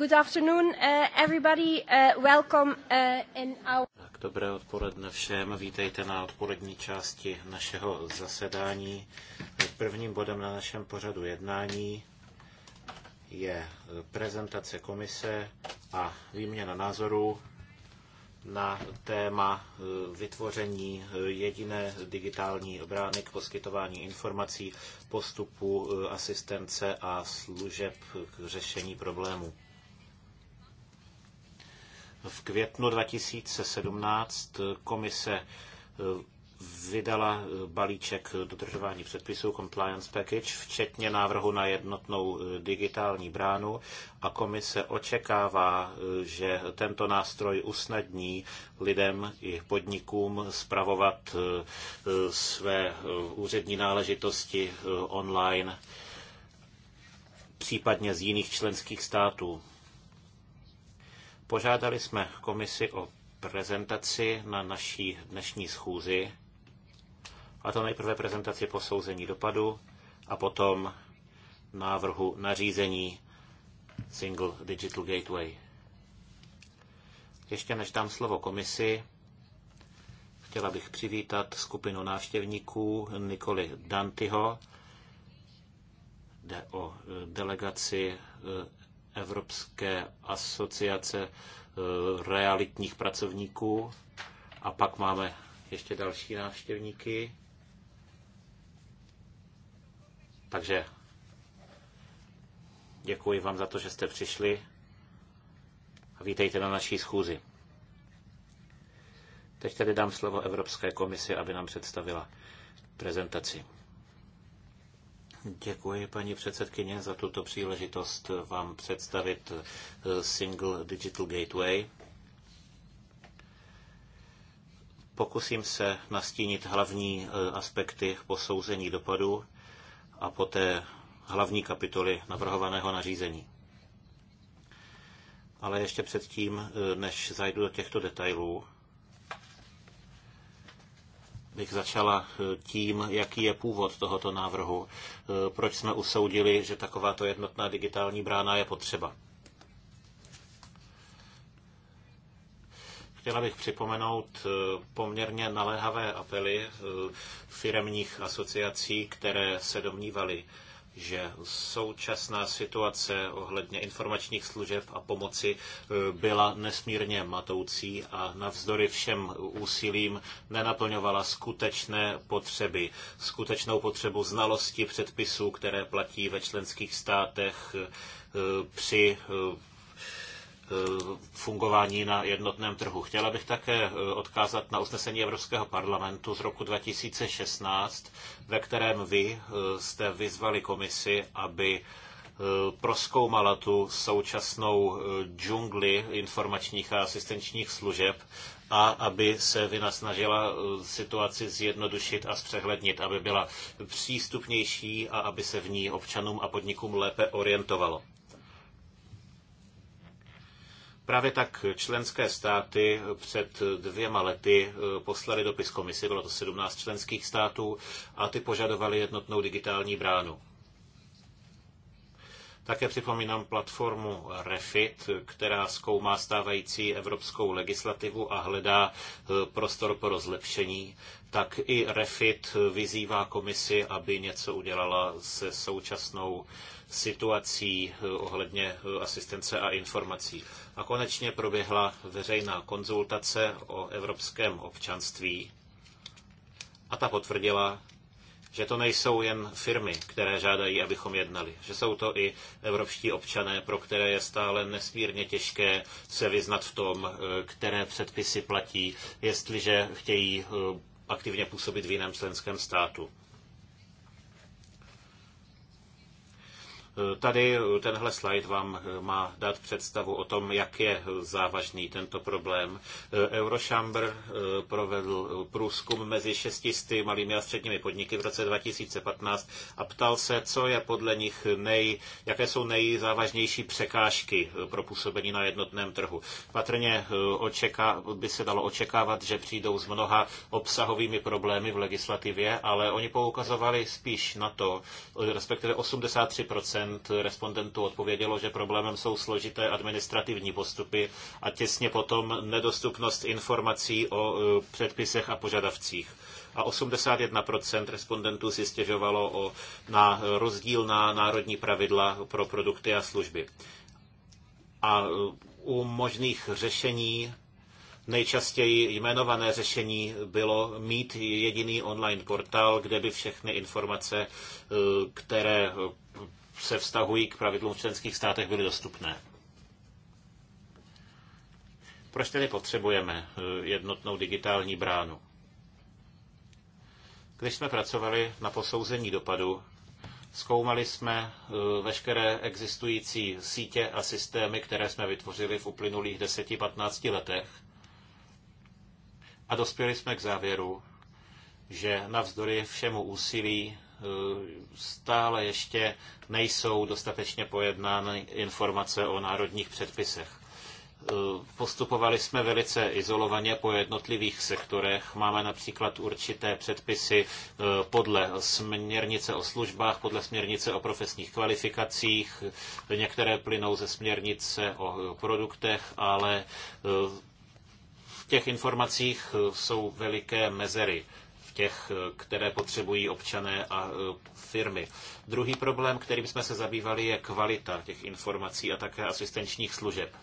Good afternoon, eh, everybody. Eh, welcome eh, in our... Tak, dobré odpoledne všem. Vítejte na odpolední části našeho zasedání. Prvním bodem na našem pořadu jednání je prezentace komise a výměna názorů na téma vytvoření jediné digitální brány k poskytování informací, postupu, asistence a služeb k řešení problémů. V květnu 2017 komise eh, vydala eh, balíček dodržování předpisů Compliance Package, včetně návrhu na jednotnou eh, digitální bránu a komise očekává, že tento nástroj usnadní lidem i podnikům spravovat své úřední náležitosti online, případně z jiných členských států. Požádali jsme komisi o prezentaci na naší dnešní schůzi, a to nejprve prezentaci posouzení dopadu a potom návrhu nařízení Single Digital Gateway. Ještě než dám slovo komisi, chtěla bych přivítat skupinu návštěvníků Nikoli Dantyho, jde o delegaci eh, Evropské asociace eh, realitních pracovníků a pak máme ještě další návštěvníky. Takže děkuji vám za to, že jste přišli a vítejte na naší schůzi. Teď tedy dám slovo Evropské komisi, aby nám představila prezentaci. Děkuji, paní předsedkyně, za tuto příležitost vám představit eh, Single Digital Gateway. Pokusím se nastínit hlavní eh, aspekty posouzení dopadu a poté hlavní kapitoly navrhovaného nařízení. Ale ještě předtím, eh, než zajdu do těchto detailů, bych začala eh, tím, jaký je původ tohoto návrhu. Eh, proč jsme usoudili, že takováto jednotná digitální brána je potřeba? Chtěla bych připomenout eh, poměrně naléhavé apely firemních asociací, které se domnívaly, že současná situace ohledně informačních služeb a pomoci e, byla nesmírně matoucí a navzdory všem úsilím nenaplňovala skutečné potřeby, skutečnou potřebu znalosti předpisů, které platí ve členských státech e, při e, Eh, fungování na jednotném trhu. Chtěla bych také eh, odkázat na usnesení Evropského parlamentu z roku 2016, ve kterém vy eh, jste vyzvali komisi, aby proskoumala tu současnou džungli informačních a asistenčních služeb a aby se vynasnažila situaci zjednodušit a zpřehlednit, aby byla přístupnější a aby se v ní občanům a podnikům lépe orientovalo. Právě tak členské státy před dvěma lety eh, poslali dopis komisi, bylo to 17 členských států, a ty požadovali jednotnou digitální bránu. Také připomínám platformu Refit, která zkoumá stávající evropskou legislativu a hledá eh, prostor pro zlepšení tak i Refit vyzývá komisi, aby něco udělala se současnou situací eh, ohledně eh, asistence a informací. A konečně proběhla veřejná konzultace o evropském občanství a ta potvrdila, že to nejsou jen firmy, které žádají, abychom jednali, že jsou to i evropští občané, pro které je stále nesmírně těžké se vyznat v tom, eh, které předpisy platí, jestliže chtějí aktivně působit v jiném členském státu. Tady eh, tenhle slide vám eh, má dát představu o tom, jak je závažný tento problém. Eh, Eurochamber provedl průzkum mezi 600 malými a středními podniky v roce 2015 a ptal se, co je podle nich nej, jaké jsou nejzávažnější překážky pro působení na jednotném trhu. Patrně očeká, by se dalo očekávat, že přijdou s mnoha obsahovými problémy v legislativě, ale oni poukazovali spíš na to, respektive 83 respondentů odpovědělo, že problémem jsou složité administrativní postupy a těsně potom nedostupnost informací o e, předpisech a požadavcích a 81% respondentů si stěžovalo o, na rozdílná národní pravidla pro produkty a služby. A e, u možných řešení nejčastěji jmenované řešení bylo mít jediný online portál, kde by všechny informace, e, které se vztahují k pravidlům v členských státech, byly dostupné. Proč tedy potřebujeme eh, jednotnou digitální bránu? Když jsme pracovali na posouzení dopadu, zkoumali jsme eh, veškeré existující sítě a systémy, které jsme vytvořili v uplynulých 10-15 letech a dospěli jsme k závěru, že navzdory všemu úsilí Eh, stále ještě nejsou dostatečně pojednány informace o národních předpisech. Eh, postupovali jsme velice izolovaně po jednotlivých sektorech. Máme například určité předpisy eh, podle směrnice o službách, podle směrnice o profesních kvalifikacích. Některé plynou ze směrnice o produktech, ale v těch informacích jsou veliké mezery těch, které potřebují občané a e, firmy. Druhý problém, kterým jsme se zabývali, je kvalita těch informací a také asistenčních služeb.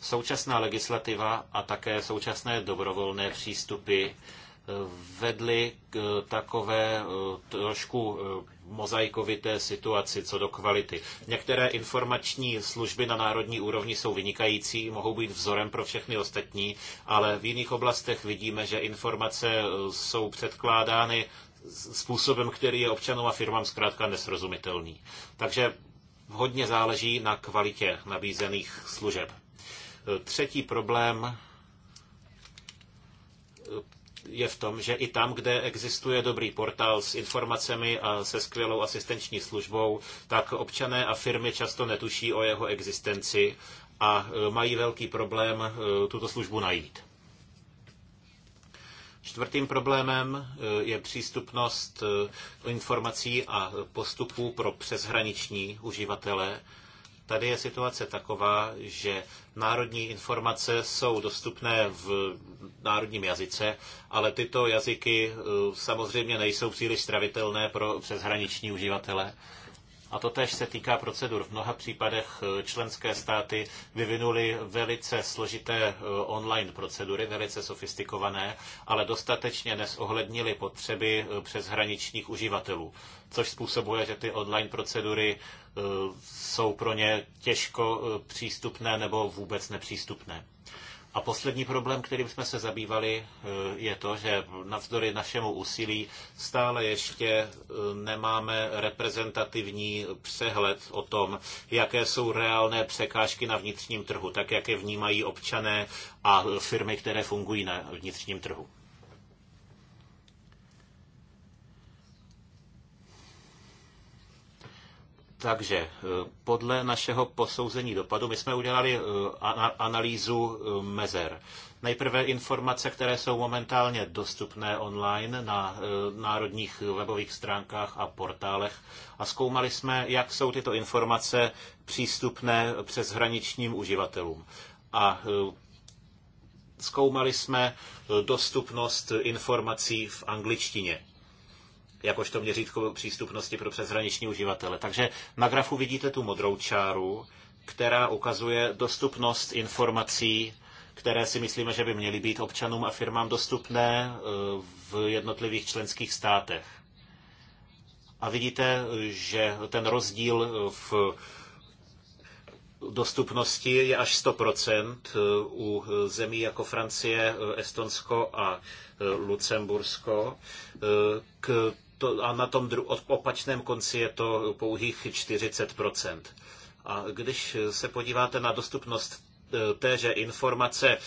Současná legislativa a také současné dobrovolné přístupy vedly k eh, takové eh, trošku eh, mozaikovité situaci co do kvality. Některé informační služby na národní úrovni jsou vynikající, mohou být vzorem pro všechny ostatní, ale v jiných oblastech vidíme, že informace jsou předkládány způsobem, který je občanům a firmám zkrátka nesrozumitelný. Takže hodně záleží na kvalitě nabízených služeb. Třetí problém je v tom, že i tam, kde existuje dobrý portál s informacemi a se skvělou asistenční službou, tak občané a firmy často netuší o jeho existenci a e, mají velký problém e, tuto službu najít. Čtvrtým problémem e, je přístupnost informací a postupů pro přeshraniční uživatele Tady je situace taková, že národní informace jsou dostupné v národním jazyce, ale tyto jazyky eh, samozřejmě nejsou příliš stravitelné pro přeshraniční uživatele. A to tež se týká procedur. V mnoha případech eh, členské státy vyvinuly velice složité eh, online procedury, velice sofistikované, ale dostatečně nesohlednili potřeby přeshraničních uživatelů, což způsobuje, že ty online procedury Eh, jsou pro ně těžko eh, přístupné nebo vůbec nepřístupné. A poslední problém, kterým jsme se zabývali, eh, je to, že navzdory našemu úsilí stále ještě nemáme reprezentativní přehled o tom, jaké jsou reálné překážky na vnitřním trhu, tak jak je vnímají občané a firmy, které fungují na vnitřním trhu. Takže eh, podle našeho posouzení dopadu my jsme udělali eh, analýzu eh, mezer. Nejprve informace, které jsou momentálně dostupné online na národních webových stránkách a portálech a zkoumali jsme, jak jsou tyto informace přístupné hraničním uživatelům. A zkoumali jsme dostupnost informací v angličtině jakožto měřítko přístupnosti pro přeshraniční uživatele. Takže na grafu vidíte tu modrou čáru, která ukazuje dostupnost informací, které si myslíme, že by měly být občanům a firmám dostupné e, v jednotlivých členských státech. A vidíte, že ten rozdíl v dostupnosti je až 100% e, u zemí jako Francie, e, Estonsko a Lucembursko. K to, a na tom dru- opačném konci je to pouhých 40 A když se podíváte na dostupnost e, téže informace e,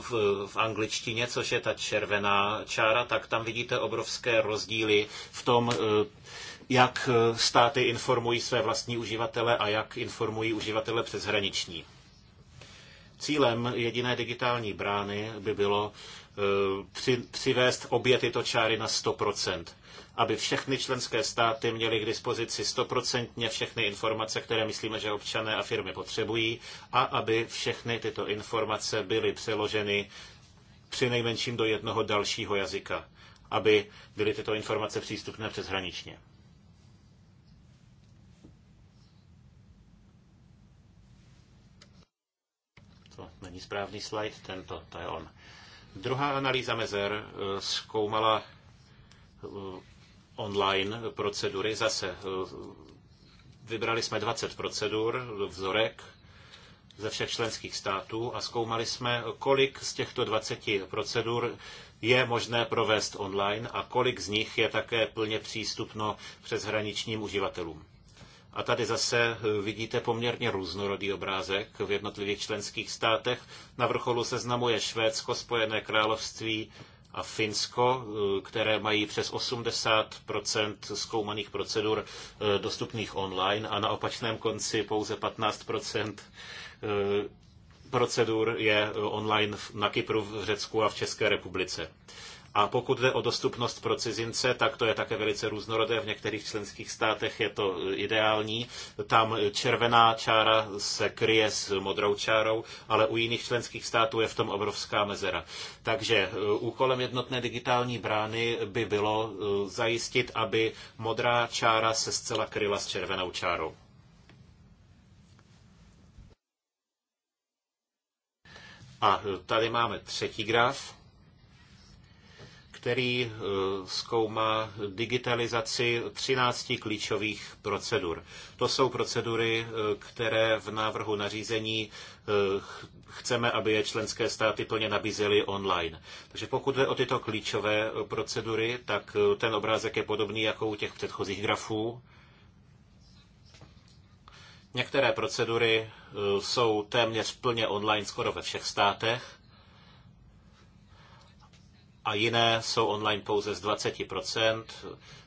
v, v angličtině, což je ta červená čára, tak tam vidíte obrovské rozdíly v tom, e, jak státy informují své vlastní uživatele a jak informují uživatele přeshraniční. Cílem jediné digitální brány by bylo při, přivést obě tyto čáry na 100% aby všechny členské státy měly k dispozici stoprocentně všechny informace, které myslíme, že občané a firmy potřebují, a aby všechny tyto informace byly přeloženy při nejmenším do jednoho dalšího jazyka, aby byly tyto informace přístupné přeshraničně. To není správný slide, tento, to je on. Druhá analýza mezer eh, zkoumala eh, online procedury. Zase eh, vybrali jsme 20 procedur, vzorek ze všech členských států a zkoumali jsme, kolik z těchto 20 procedur je možné provést online a kolik z nich je také plně přístupno přes hraničním uživatelům. A tady zase eh, vidíte poměrně různorodý obrázek v jednotlivých členských státech. Na vrcholu seznamuje Švédsko, Spojené království, a Finsko, eh, které mají přes 80 zkoumaných procedur eh, dostupných online a na opačném konci pouze 15 eh, procedur je online na Kypru, v Řecku a v České republice. A pokud jde o dostupnost pro cizince, tak to je také velice různorodé. V některých členských státech je to e, ideální. Tam červená čára se kryje s modrou čárou, ale u jiných členských států je v tom obrovská mezera. Takže e, úkolem jednotné digitální brány by bylo e, zajistit, aby modrá čára se zcela kryla s červenou čárou. A tady máme třetí graf který eh, zkoumá digitalizaci 13 klíčových procedur. To jsou procedury, eh, které v návrhu nařízení eh, chceme, aby je členské státy plně nabízely online. Takže pokud jde o tyto klíčové procedury, tak ten obrázek je podobný jako u těch předchozích grafů. Některé procedury jsou téměř plně online skoro ve všech státech a jiné jsou online pouze z 20%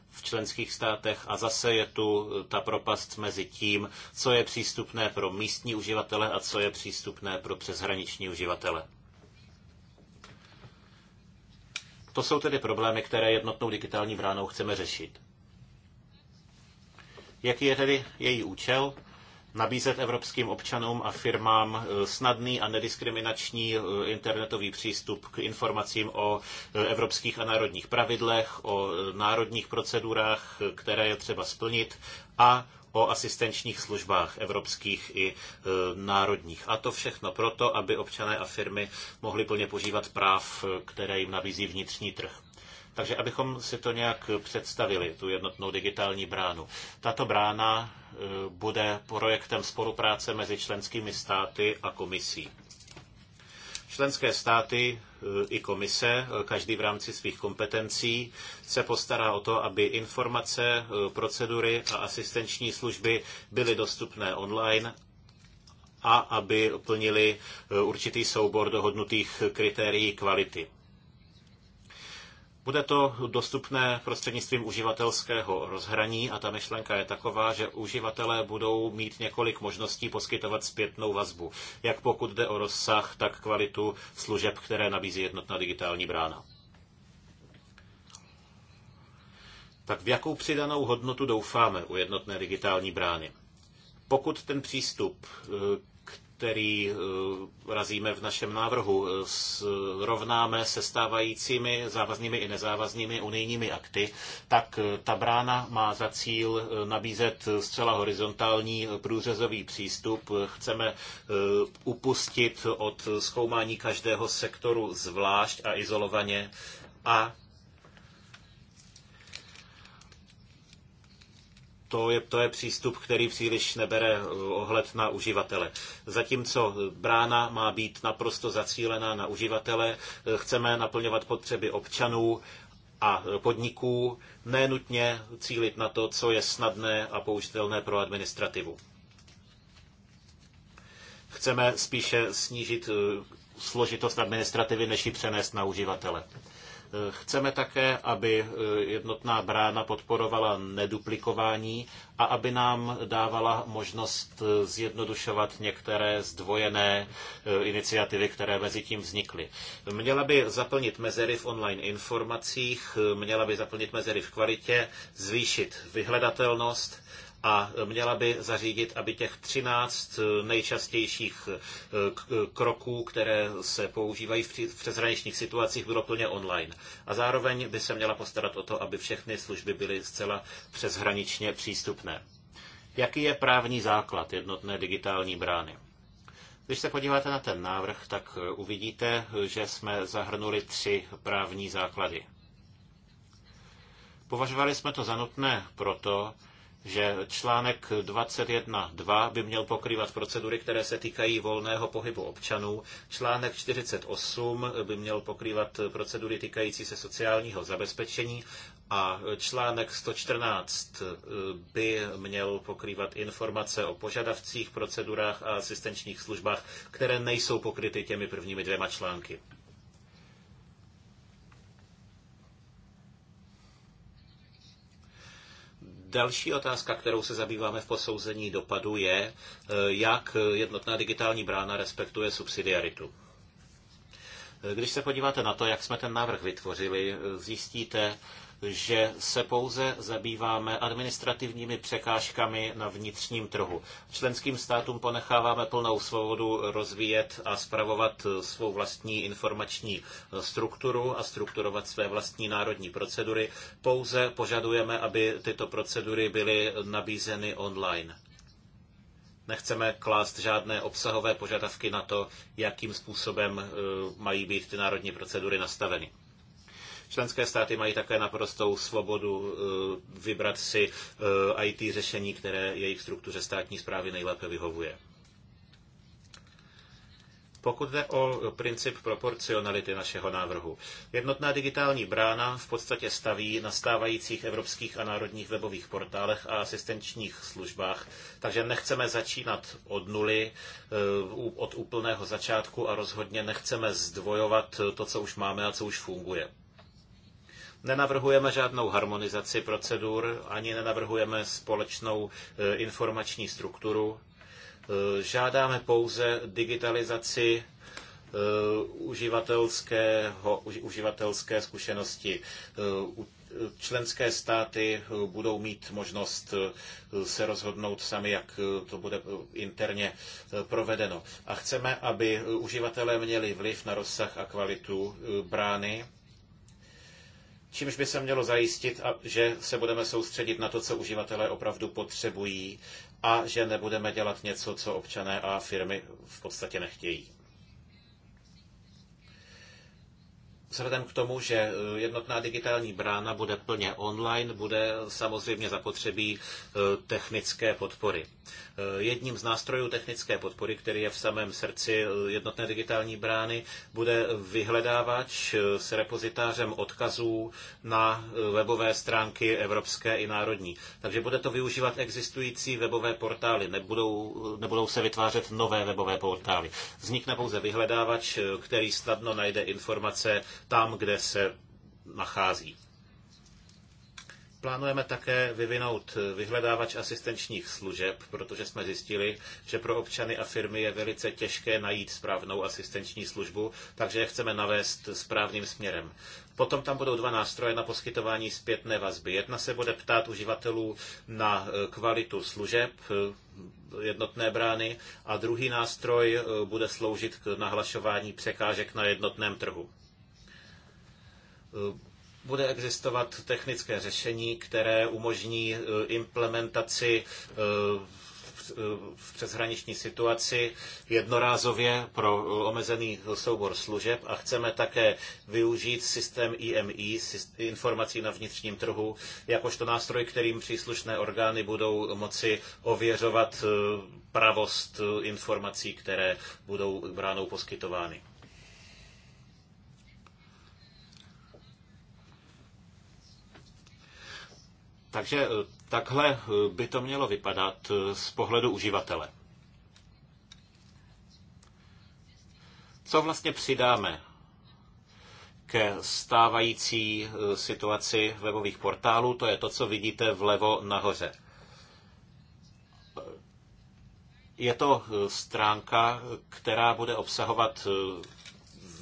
v členských státech a zase je tu ta propast mezi tím, co je přístupné pro místní uživatele a co je přístupné pro přeshraniční uživatele. To jsou tedy problémy, které jednotnou digitální bránou chceme řešit. Jaký je tedy její účel? nabízet evropským občanům a firmám eh, snadný a nediskriminační eh, internetový přístup k informacím o eh, evropských a národních pravidlech, o národních procedurách, které je třeba splnit a o asistenčních službách evropských i národních. A to všechno proto, aby občané a firmy mohli plně požívat práv, které jim nabízí vnitřní trh. Takže abychom si to nějak představili, tu jednotnou digitální bránu. Tato brána bude projektem spolupráce mezi členskými státy a komisí. Členské státy eh, i komise, eh, každý v rámci svých kompetencí, se postará o to, aby informace, eh, procedury a asistenční služby byly dostupné online a aby plnili určitý soubor dohodnutých kritérií kvality. Bude to dostupné prostřednictvím uživatelského rozhraní a ta myšlenka je taková, že uživatelé budou mít několik možností poskytovat zpětnou vazbu, jak pokud jde o rozsah, tak kvalitu služeb, které nabízí jednotná digitální brána. Tak v jakou přidanou hodnotu doufáme u jednotné digitální brány? Pokud ten přístup eh, který eh, razíme v našem návrhu, eh, rovnáme se stávajícími závaznými i nezávaznými unijními akty, tak eh, ta brána má za cíl nabízet zcela horizontální průřezový přístup. Chceme upustit od zkoumání každého sektoru zvlášť a izolovaně a to je, to je přístup, který příliš nebere eh, ohled na uživatele. Zatímco brána má být naprosto zacílená na uživatele, eh, chceme naplňovat potřeby občanů a podniků, nenutně cílit na to, co je snadné a použitelné pro administrativu. Chceme spíše snížit eh, složitost administrativy, než ji přenést na uživatele. Chceme také, aby e, jednotná brána podporovala neduplikování a aby nám dávala možnost e, zjednodušovat některé zdvojené e, iniciativy, které mezi tím vznikly. Měla by zaplnit mezery v online informacích, měla by zaplnit mezery v kvalitě, zvýšit vyhledatelnost a měla by zařídit, aby těch 13 nejčastějších eh, kroků, které se používají v přeshraničních situacích, bylo plně online. A zároveň by se měla postarat o to, aby všechny služby byly zcela přeshraničně přístupné. Jaký je právní základ jednotné digitální brány? Když se podíváte na ten návrh, tak eh, uvidíte, že jsme zahrnuli tři právní základy. Považovali jsme to za nutné proto, že článek 21.2 by měl pokrývat procedury, které se týkají volného pohybu občanů, článek 48 by měl pokrývat procedury týkající se sociálního zabezpečení a článek 114 eh, by měl pokrývat informace o požadavcích, procedurách a asistenčních službách, které nejsou pokryty těmi prvními dvěma články. Další otázka, kterou se zabýváme v posouzení dopadu, je, eh, jak jednotná digitální brána respektuje subsidiaritu. Eh, když se podíváte na to, jak jsme ten návrh vytvořili, eh, zjistíte, že se pouze zabýváme administrativními překážkami na vnitřním trhu. Členským státům ponecháváme plnou svobodu rozvíjet a spravovat svou vlastní informační strukturu a strukturovat své vlastní národní procedury. Pouze požadujeme, aby tyto procedury byly nabízeny online nechceme klást žádné obsahové požadavky na to, jakým způsobem eh, mají být ty národní procedury nastaveny. Členské státy mají také naprostou svobodu eh, vybrat si eh, IT řešení, které jejich struktuře státní zprávy nejlépe vyhovuje. Pokud jde o eh, princip proporcionality našeho návrhu, jednotná digitální brána v podstatě staví na stávajících evropských a národních webových portálech a asistenčních službách, takže nechceme začínat od nuly, od úplného začátku a rozhodně nechceme zdvojovat to, co už máme a co už funguje. Nenavrhujeme žádnou harmonizaci procedur, ani nenavrhujeme společnou eh, informační strukturu. Eh, žádáme pouze digitalizaci eh, uživatelského, uživatelské zkušenosti. Členské státy budou mít možnost se rozhodnout sami, jak to bude interně provedeno. A chceme, aby uživatelé měli vliv na rozsah a kvalitu brány čímž by se mělo zajistit, že se budeme soustředit na to, co uživatelé opravdu potřebují a že nebudeme dělat něco, co občané a firmy v podstatě nechtějí. Vzhledem k tomu, že eh, jednotná digitální brána bude plně online, bude samozřejmě zapotřebí eh, technické podpory. Eh, jedním z nástrojů technické podpory, který je v samém srdci jednotné digitální brány, bude vyhledávač s repozitářem odkazů na webové stránky evropské i národní. Takže bude to využívat existující webové portály, nebudou, nebudou se vytvářet nové webové portály. Vznikne pouze vyhledávač, který snadno najde informace tam, kde se nachází. Plánujeme také vyvinout vyhledávač asistenčních služeb, protože jsme zjistili, že pro občany a firmy je velice těžké najít správnou asistenční službu, takže je chceme navést správným směrem. Potom tam budou dva nástroje na poskytování zpětné vazby. Jedna se bude ptát uživatelů na eh, kvalitu služeb eh, jednotné brány a druhý nástroj eh, bude sloužit k nahlašování překážek na jednotném trhu. Eh, bude existovat technické řešení, které umožní eh, implementaci eh, v přeshraniční situaci jednorázově pro omezený soubor služeb a chceme také využít systém IMI, e e, informací na vnitřním trhu, jakožto nástroj, kterým příslušné orgány budou moci ověřovat pravost informací, které budou bránou poskytovány. Takže eh, takhle eh, by to mělo vypadat eh, z pohledu uživatele. Co vlastně přidáme ke stávající situaci webových portálů? To je to, co vidíte vlevo nahoře. Je to stránka, která bude obsahovat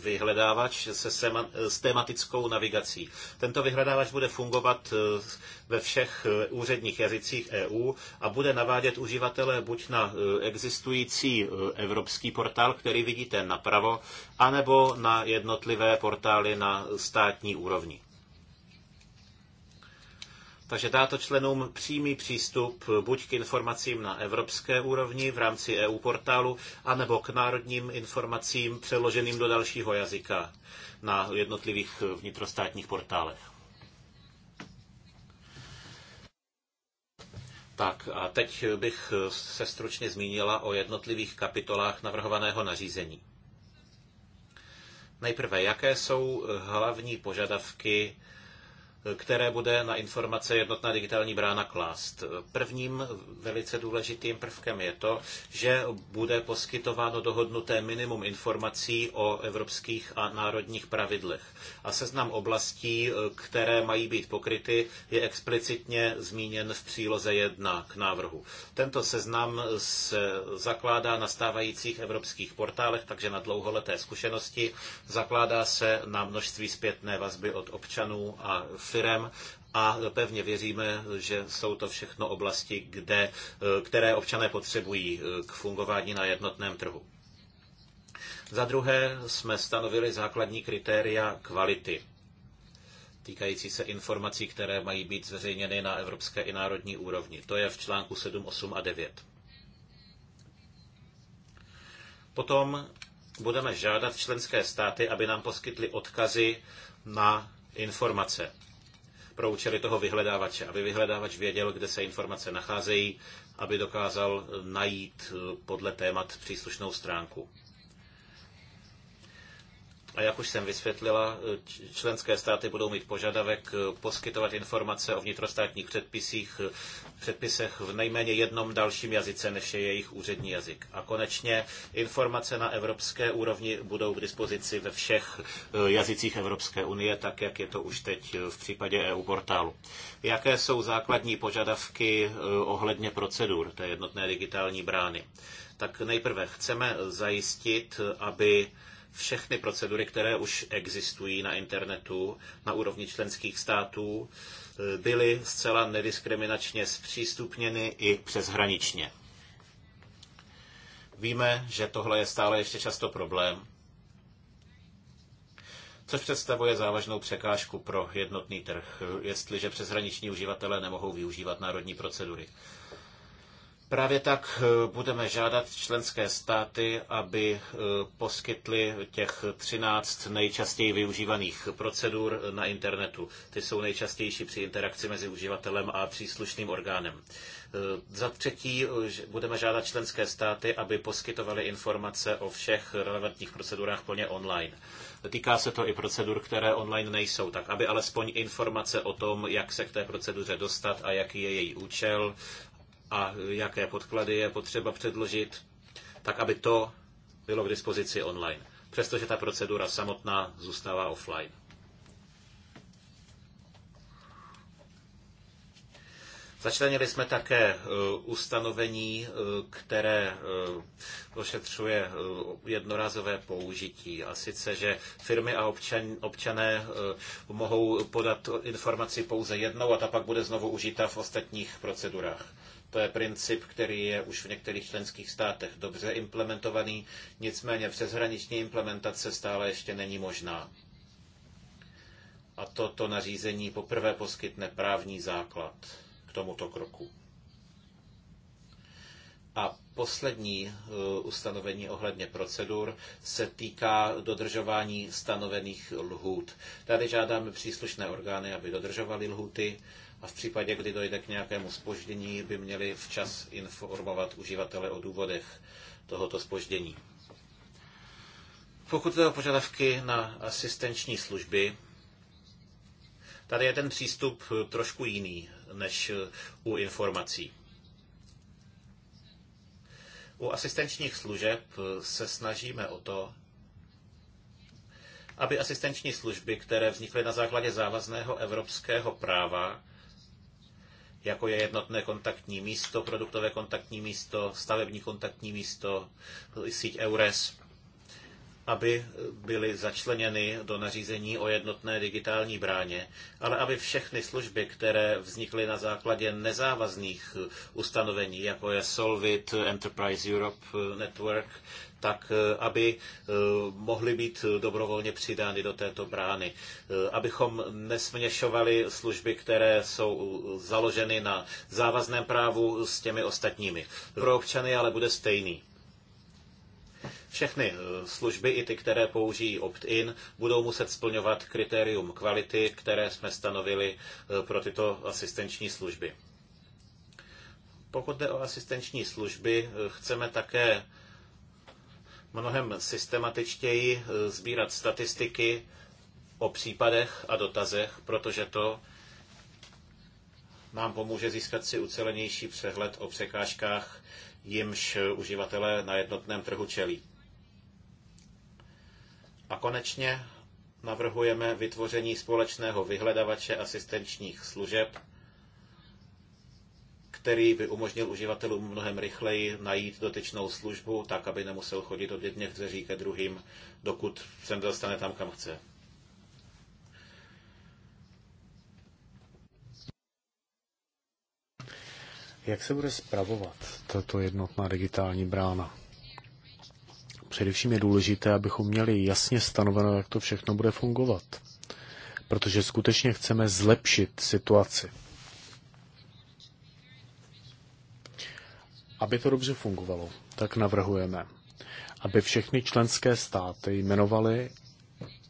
vyhledávač se sema, s tematickou navigací. Tento vyhledávač bude fungovat e, ve všech e, úředních jazycích EU a bude navádět uživatele buď na e, existující evropský portál, který vidíte napravo, anebo na jednotlivé portály na státní úrovni. Takže dá to členům přímý přístup buď k informacím na evropské úrovni v rámci EU portálu, anebo k národním informacím přeloženým do dalšího jazyka na jednotlivých vnitrostátních portálech. Tak a teď bych se stručně zmínila o jednotlivých kapitolách navrhovaného nařízení. Nejprve, jaké jsou hlavní požadavky které bude na informace jednotná digitální brána klást. Prvním velice důležitým prvkem je to, že bude poskytováno dohodnuté minimum informací o evropských a národních pravidlech. A seznam oblastí, které mají být pokryty, je explicitně zmíněn v příloze 1 k návrhu. Tento seznam se zakládá na stávajících evropských portálech, takže na dlouholeté zkušenosti. Zakládá se na množství zpětné vazby od občanů a firm firem a pevně věříme, že jsou to všechno oblasti, kde, které občané potřebují eh, k fungování na jednotném trhu. Za druhé jsme stanovili základní kritéria kvality týkající se informací, které mají být zveřejněny na evropské i národní úrovni. To je v článku 7, 8 a 9. Potom budeme žádat členské státy, aby nám poskytly odkazy na informace pro účely toho vyhledávače, aby vyhledávač věděl, kde se informace nacházejí, aby dokázal najít eh, podle témat příslušnou stránku. A jak už jsem vysvětlila, eh, členské státy budou mít požadavek eh, poskytovat informace o vnitrostátních předpisích předpisech v nejméně jednom dalším jazyce, než je jejich úřední jazyk. A konečně informace na evropské úrovni budou k dispozici ve všech eh, jazycích Evropské unie, tak jak je to už teď eh, v případě EU portálu. Jaké jsou základní požadavky eh, ohledně procedur té jednotné digitální brány? Tak nejprve chceme zajistit, aby všechny procedury, které už existují na internetu na úrovni členských států, byly zcela nediskriminačně zpřístupněny i přeshraničně. Víme, že tohle je stále ještě často problém, což představuje závažnou překážku pro jednotný trh, jestliže přeshraniční uživatelé nemohou využívat národní procedury. Právě tak eh, budeme žádat členské státy, aby eh, poskytly těch 13 nejčastěji využívaných procedur na internetu. Ty jsou nejčastější při interakci mezi uživatelem a příslušným orgánem. Eh, za třetí budeme žádat členské státy, aby poskytovaly informace o všech relevantních procedurách plně online. Týká se to i procedur, které online nejsou, tak aby alespoň informace o tom, jak se k té proceduře dostat a jaký je její účel a jaké podklady je potřeba předložit, tak aby to bylo k dispozici online. Přestože ta procedura samotná zůstává offline. Začlenili jsme také e, ustanovení, e, které e, ošetřuje jednorázové použití. A sice, že firmy a občan, občané mohou podat informaci pouze jednou a ta pak bude znovu užita v ostatních procedurách. To je princip, který je už v některých členských státech dobře implementovaný, nicméně přeshraniční implementace stále ještě není možná. A toto nařízení poprvé poskytne právní základ k tomuto kroku. A poslední eh, ustanovení ohledně procedur se týká dodržování stanovených lhůt. Tady žádáme příslušné orgány, aby dodržovali lhůty a v případě, kdy dojde k nějakému spoždění, by měli včas informovat uživatele o důvodech tohoto spoždění. Pokud jde o požadavky na asistenční služby, tady je ten přístup trošku jiný než u informací. U asistenčních služeb se snažíme o to, aby asistenční služby, které vznikly na základě závazného evropského práva, jako je jednotné kontaktní místo, produktové kontaktní místo, stavební kontaktní místo, síť EURES aby byly začleněny do nařízení o jednotné digitální bráně, ale aby všechny služby, které vznikly na základě nezávazných ustanovení, jako je Solvit, Enterprise Europe Network, tak eh, aby eh, mohly být dobrovolně přidány do této brány. Eh, abychom nesměšovali služby, které jsou založeny na závazném právu s těmi ostatními. Pro občany ale bude stejný. Všechny eh, služby, i ty, které použijí opt-in, budou muset splňovat kritérium kvality, které jsme stanovili eh, pro tyto asistenční služby. Pokud jde o asistenční služby, eh, chceme také mnohem systematičtěji sbírat statistiky o případech a dotazech, protože to nám pomůže získat si ucelenější přehled o překážkách, jimž uživatelé na jednotném trhu čelí. A konečně navrhujeme vytvoření společného vyhledavače asistenčních služeb, který by umožnil uživatelům mnohem rychleji najít dotyčnou službu, tak aby nemusel chodit od jedněch dveří ke druhým, dokud se nedostane tam, kam chce. Jak se bude spravovat tato jednotná digitální brána? Především je důležité, abychom měli jasně stanoveno, jak to všechno bude fungovat. Protože skutečně chceme zlepšit situaci. Aby to dobře fungovalo, tak navrhujeme, aby všechny členské státy jmenovaly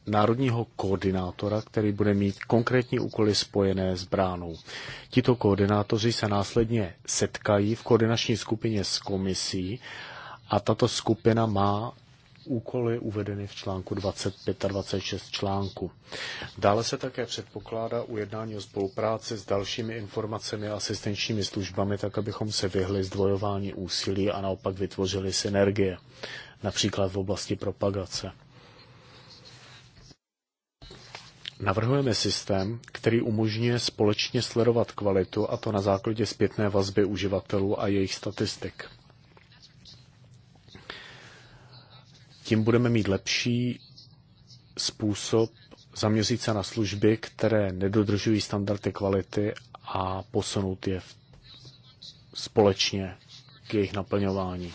národního koordinátora, který bude mít konkrétní úkoly spojené s bránou. Tito koordinátoři se následně setkají v koordinační skupině s komisí a tato skupina má úkoly uvedeny v článku 25 a 26 článku. Dále se také předpokládá ujednání o spolupráci s dalšími informacemi a asistenčními službami, tak abychom se vyhli zdvojování úsilí a naopak vytvořili synergie, například v oblasti propagace. Navrhujeme systém, který umožňuje společně sledovat kvalitu, a to na základě zpětné vazby uživatelů a jejich statistik. tím budeme mít lepší způsob zaměřit se na služby, které nedodržují standardy kvality a posunout je společně k jejich naplňování.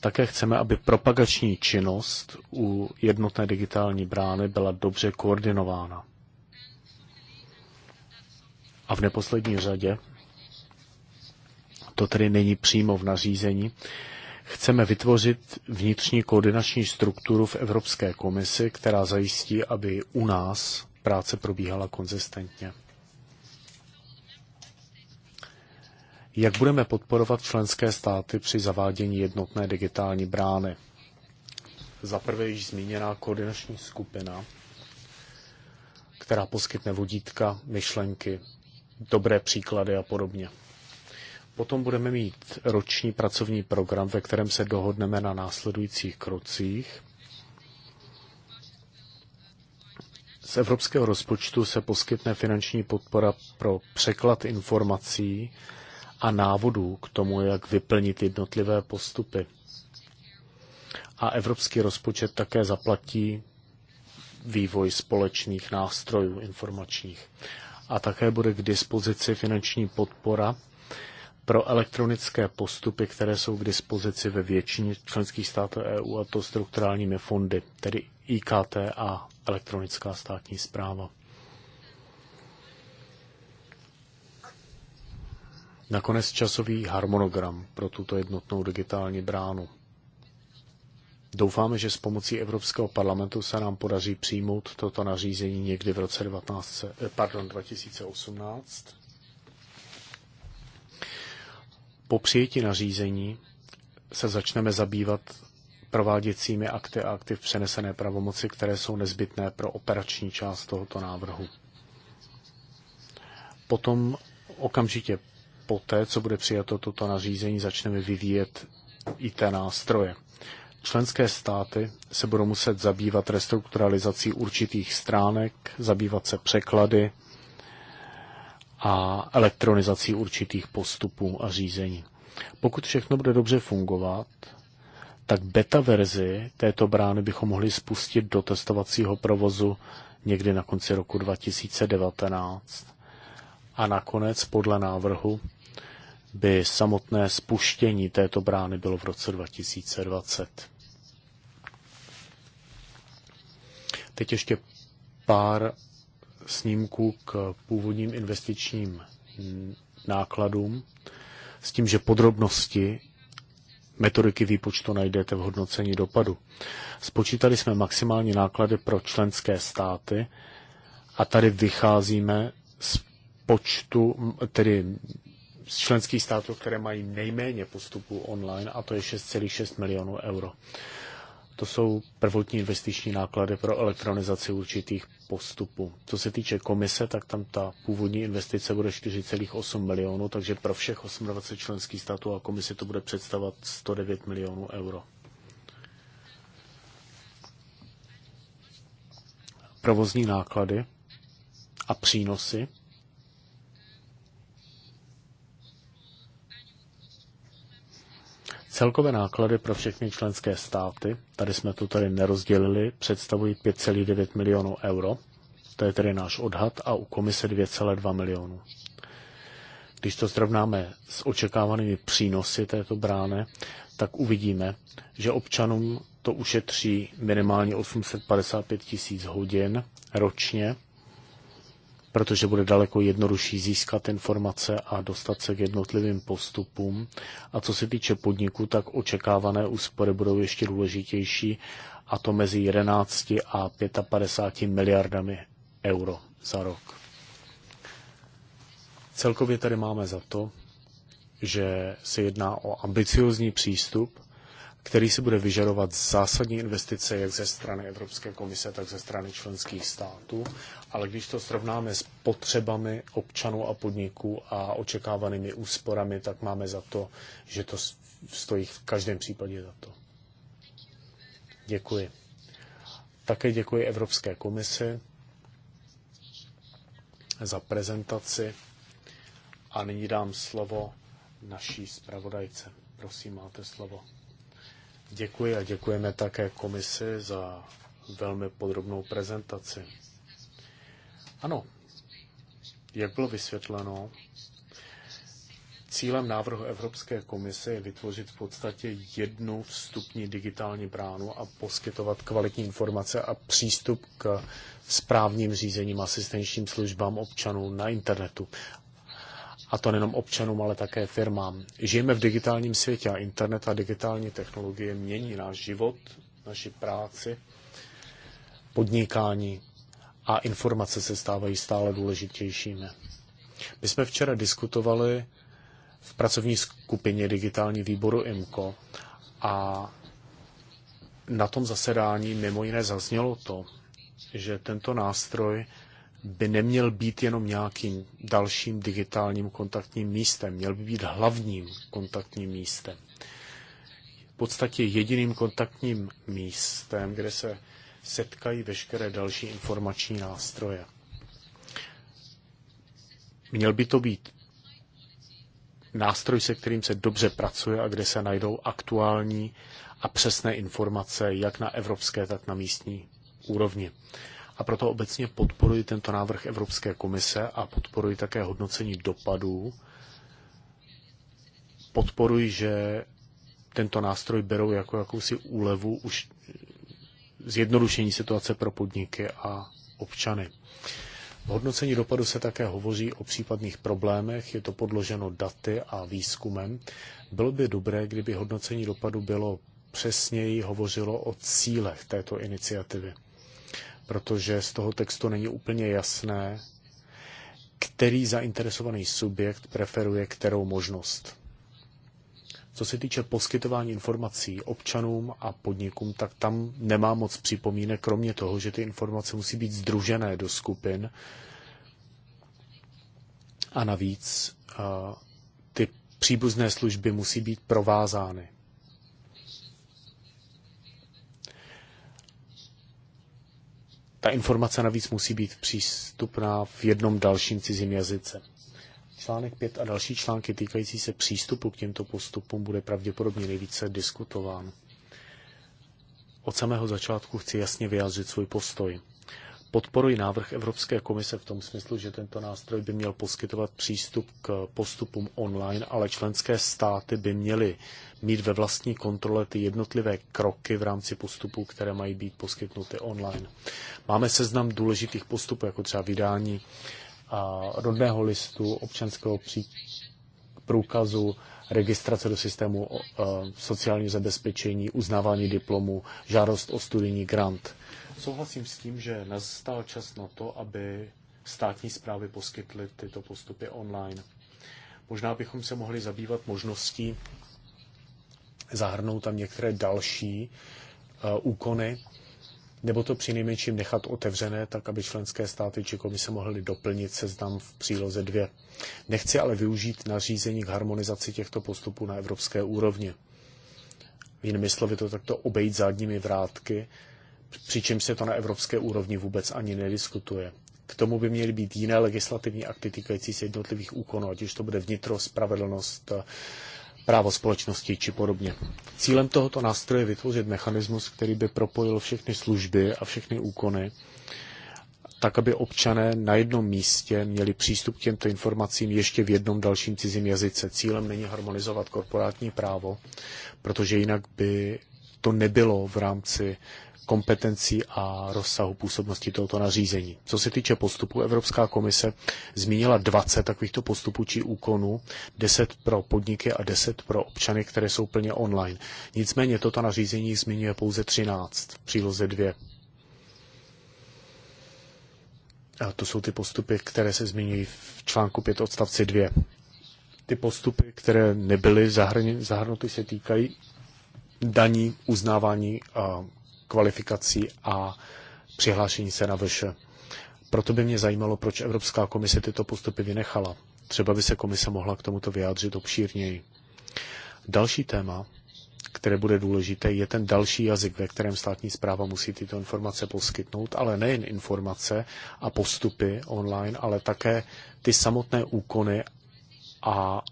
Také chceme, aby propagační činnost u jednotné digitální brány byla dobře koordinována. A v neposlední řadě, to tedy není přímo v nařízení, Chceme vytvořit vnitřní koordinační strukturu v Evropské komisi, která zajistí, aby u nás práce probíhala konzistentně. Jak budeme podporovat členské státy při zavádění jednotné digitální brány? Za prvé již zmíněná koordinační skupina, která poskytne vodítka, myšlenky, dobré příklady a podobně. Potom budeme mít roční pracovní program, ve kterém se dohodneme na následujících krocích. Z evropského rozpočtu se poskytne finanční podpora pro překlad informací a návodů k tomu, jak vyplnit jednotlivé postupy. A evropský rozpočet také zaplatí vývoj společných nástrojů informačních. A také bude k dispozici finanční podpora pro elektronické postupy, které jsou k dispozici ve většině členských států EU, a to strukturálními fondy, tedy IKT a elektronická státní zpráva. Nakonec časový harmonogram pro tuto jednotnou digitální bránu. Doufáme, že s pomocí Evropského parlamentu se nám podaří přijmout toto nařízení někdy v roce 19, eh, pardon, 2018 po přijetí nařízení se začneme zabývat prováděcími akty a akty v přenesené pravomoci, které jsou nezbytné pro operační část tohoto návrhu. Potom okamžitě poté, co bude přijato toto nařízení, začneme vyvíjet i té nástroje. Členské státy se budou muset zabývat restrukturalizací určitých stránek, zabývat se překlady, a elektronizací určitých postupů a řízení. Pokud všechno bude dobře fungovat, tak beta verzi této brány bychom mohli spustit do testovacího provozu někdy na konci roku 2019. A nakonec, podle návrhu, by samotné spuštění této brány bylo v roce 2020. Teď ještě pár snímku k původním investičním nákladům, s tím, že podrobnosti metodiky výpočtu najdete v hodnocení dopadu. Spočítali jsme maximální náklady pro členské státy a tady vycházíme z počtu, tedy z členských států, které mají nejméně postupů online, a to je 6,6 milionů euro to jsou prvotní investiční náklady pro elektronizaci určitých postupů. Co se týče komise, tak tam ta původní investice bude 4,8 milionů, takže pro všech 28 členských států a komisi to bude představovat 109 milionů euro. Provozní náklady a přínosy Celkové náklady pro všechny členské státy, tady jsme to tady nerozdělili, představují 5,9 milionů euro. To je tedy náš odhad a u komise 2,2 milionů. Když to zrovnáme s očekávanými přínosy této brány, tak uvidíme, že občanům to ušetří minimálně 855 tisíc hodin ročně protože bude daleko jednodušší získat informace a dostat se k jednotlivým postupům. A co se týče podniku, tak očekávané úspory budou ještě důležitější, a to mezi 11 a 55 miliardami euro za rok. Celkově tady máme za to, že se jedná o ambiciozní přístup, který si bude vyžadovat zásadní investice jak ze strany Evropské komise, tak ze strany členských států. Ale když to srovnáme s potřebami občanů a podniků a očekávanými úsporami, tak máme za to, že to stojí v každém případě za to. Děkuji. Také děkuji Evropské komisi za prezentaci a nyní dám slovo naší zpravodajce. Prosím, máte slovo. Děkuji a děkujeme také komisi za velmi podrobnou prezentaci. Ano, jak bylo vysvětleno, cílem návrhu Evropské komise je vytvořit v podstatě jednu vstupní digitální bránu a poskytovat kvalitní informace a přístup k správním řízením asistenčním službám občanů na internetu a to nejenom občanům, ale také firmám. Žijeme v digitálním světě a internet a digitální technologie mění náš život, naši práci, podnikání a informace se stávají stále důležitějšími. My jsme včera diskutovali v pracovní skupině digitální výboru IMCO a na tom zasedání mimo jiné zaznělo to, že tento nástroj by neměl být jenom nějakým dalším digitálním kontaktním místem, měl by být hlavním kontaktním místem. V podstatě jediným kontaktním místem, kde se setkají veškeré další informační nástroje. Měl by to být nástroj, se kterým se dobře pracuje a kde se najdou aktuální a přesné informace jak na evropské, tak na místní úrovni a proto obecně podporuji tento návrh Evropské komise a podporuji také hodnocení dopadů. Podporuji, že tento nástroj berou jako jakousi úlevu už zjednodušení situace pro podniky a občany. V hodnocení dopadu se také hovoří o případných problémech, je to podloženo daty a výzkumem. Bylo by dobré, kdyby hodnocení dopadu bylo přesněji hovořilo o cílech této iniciativy protože z toho textu není úplně jasné, který zainteresovaný subjekt preferuje kterou možnost. Co se týče poskytování informací občanům a podnikům, tak tam nemá moc připomínek, kromě toho, že ty informace musí být združené do skupin. A navíc eh, ty příbuzné služby musí být provázány. Ta informace navíc musí být přístupná v jednom dalším cizím jazyce. Článek 5 a další články týkající se přístupu k těmto postupům bude pravděpodobně nejvíce diskutován. Od samého začátku chci jasně vyjádřit svůj postoj podporuji návrh Evropské komise v tom smyslu, že tento nástroj by měl poskytovat přístup k postupům online, ale členské státy by měly mít ve vlastní kontrole ty jednotlivé kroky v rámci postupů, které mají být poskytnuty online. Máme seznam důležitých postupů, jako třeba vydání rodného listu, občanského průkazu, registrace do systému sociálního zabezpečení, uznávání diplomu, žádost o studijní grant – Souhlasím s tím, že nastal čas na to, aby státní zprávy poskytly tyto postupy online. Možná bychom se mohli zabývat možností zahrnout tam některé další uh, úkony, nebo to přinejmenším nechat otevřené, tak aby členské státy či komise mohly doplnit seznam v příloze 2. Nechci ale využít nařízení k harmonizaci těchto postupů na evropské úrovni. Jinými slovy to takto obejít zadními vrátky přičemž se to na evropské úrovni vůbec ani nediskutuje. K tomu by měly být jiné legislativní akty týkající se jednotlivých úkonů, ať už to bude vnitro, spravedlnost, právo společnosti či podobně. Cílem tohoto nástroje je vytvořit mechanismus, který by propojil všechny služby a všechny úkony, tak aby občané na jednom místě měli přístup k těmto informacím ještě v jednom dalším cizím jazyce. Cílem není harmonizovat korporátní právo, protože jinak by to nebylo v rámci kompetencí a rozsahu působnosti tohoto nařízení. Co se týče postupu, Evropská komise zmínila 20 takovýchto postupů či úkonů, 10 pro podniky a 10 pro občany, které jsou plně online. Nicméně toto nařízení zmiňuje pouze 13 v příloze 2. A to jsou ty postupy, které se zmiňují v článku 5 odstavci 2. Ty postupy, které nebyly zahrnuty, se týkají daní, uznávání a kvalifikací a přihlášení se na VŠ. Proto by mě zajímalo, proč Evropská komise tyto postupy vynechala. Třeba by se komise mohla k tomuto vyjádřit obšírněji. Další téma, které bude důležité, je ten další jazyk, ve kterém státní zpráva musí tyto informace poskytnout, ale nejen informace a postupy online, ale také ty samotné úkony a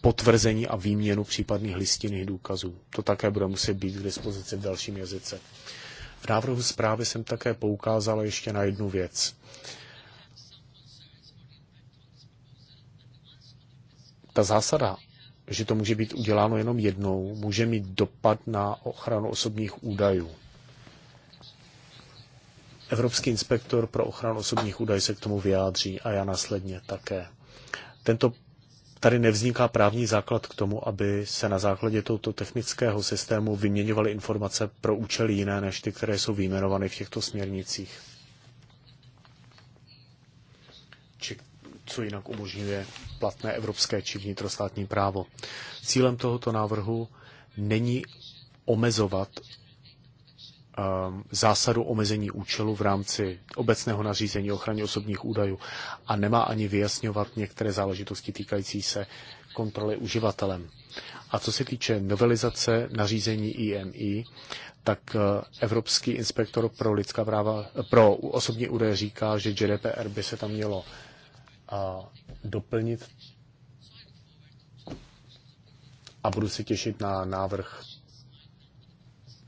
potvrzení a výměnu případných listinných důkazů. To také bude muset být k dispozici v dalším jazyce. V návrhu zprávy jsem také poukázal ještě na jednu věc. Ta zásada, že to může být uděláno jenom jednou, může mít dopad na ochranu osobních údajů. Evropský inspektor pro ochranu osobních údajů se k tomu vyjádří a já následně také. Tento tady nevzniká právní základ k tomu, aby se na základě tohoto technického systému vyměňovaly informace pro účely jiné než ty, které jsou vyjmenovány v těchto směrnicích. Či co jinak umožňuje platné evropské či vnitrostátní právo. Cílem tohoto návrhu není omezovat Um, zásadu omezení účelu v rámci obecného nařízení ochraně osobních údajů a nemá ani vyjasňovat některé záležitosti týkající se kontroly uživatelem. A co se týče novelizace nařízení IMI, tak uh, Evropský inspektor pro lidská práva, pro osobní údaje říká, že GDPR by se tam mělo uh, doplnit a budu se těšit na návrh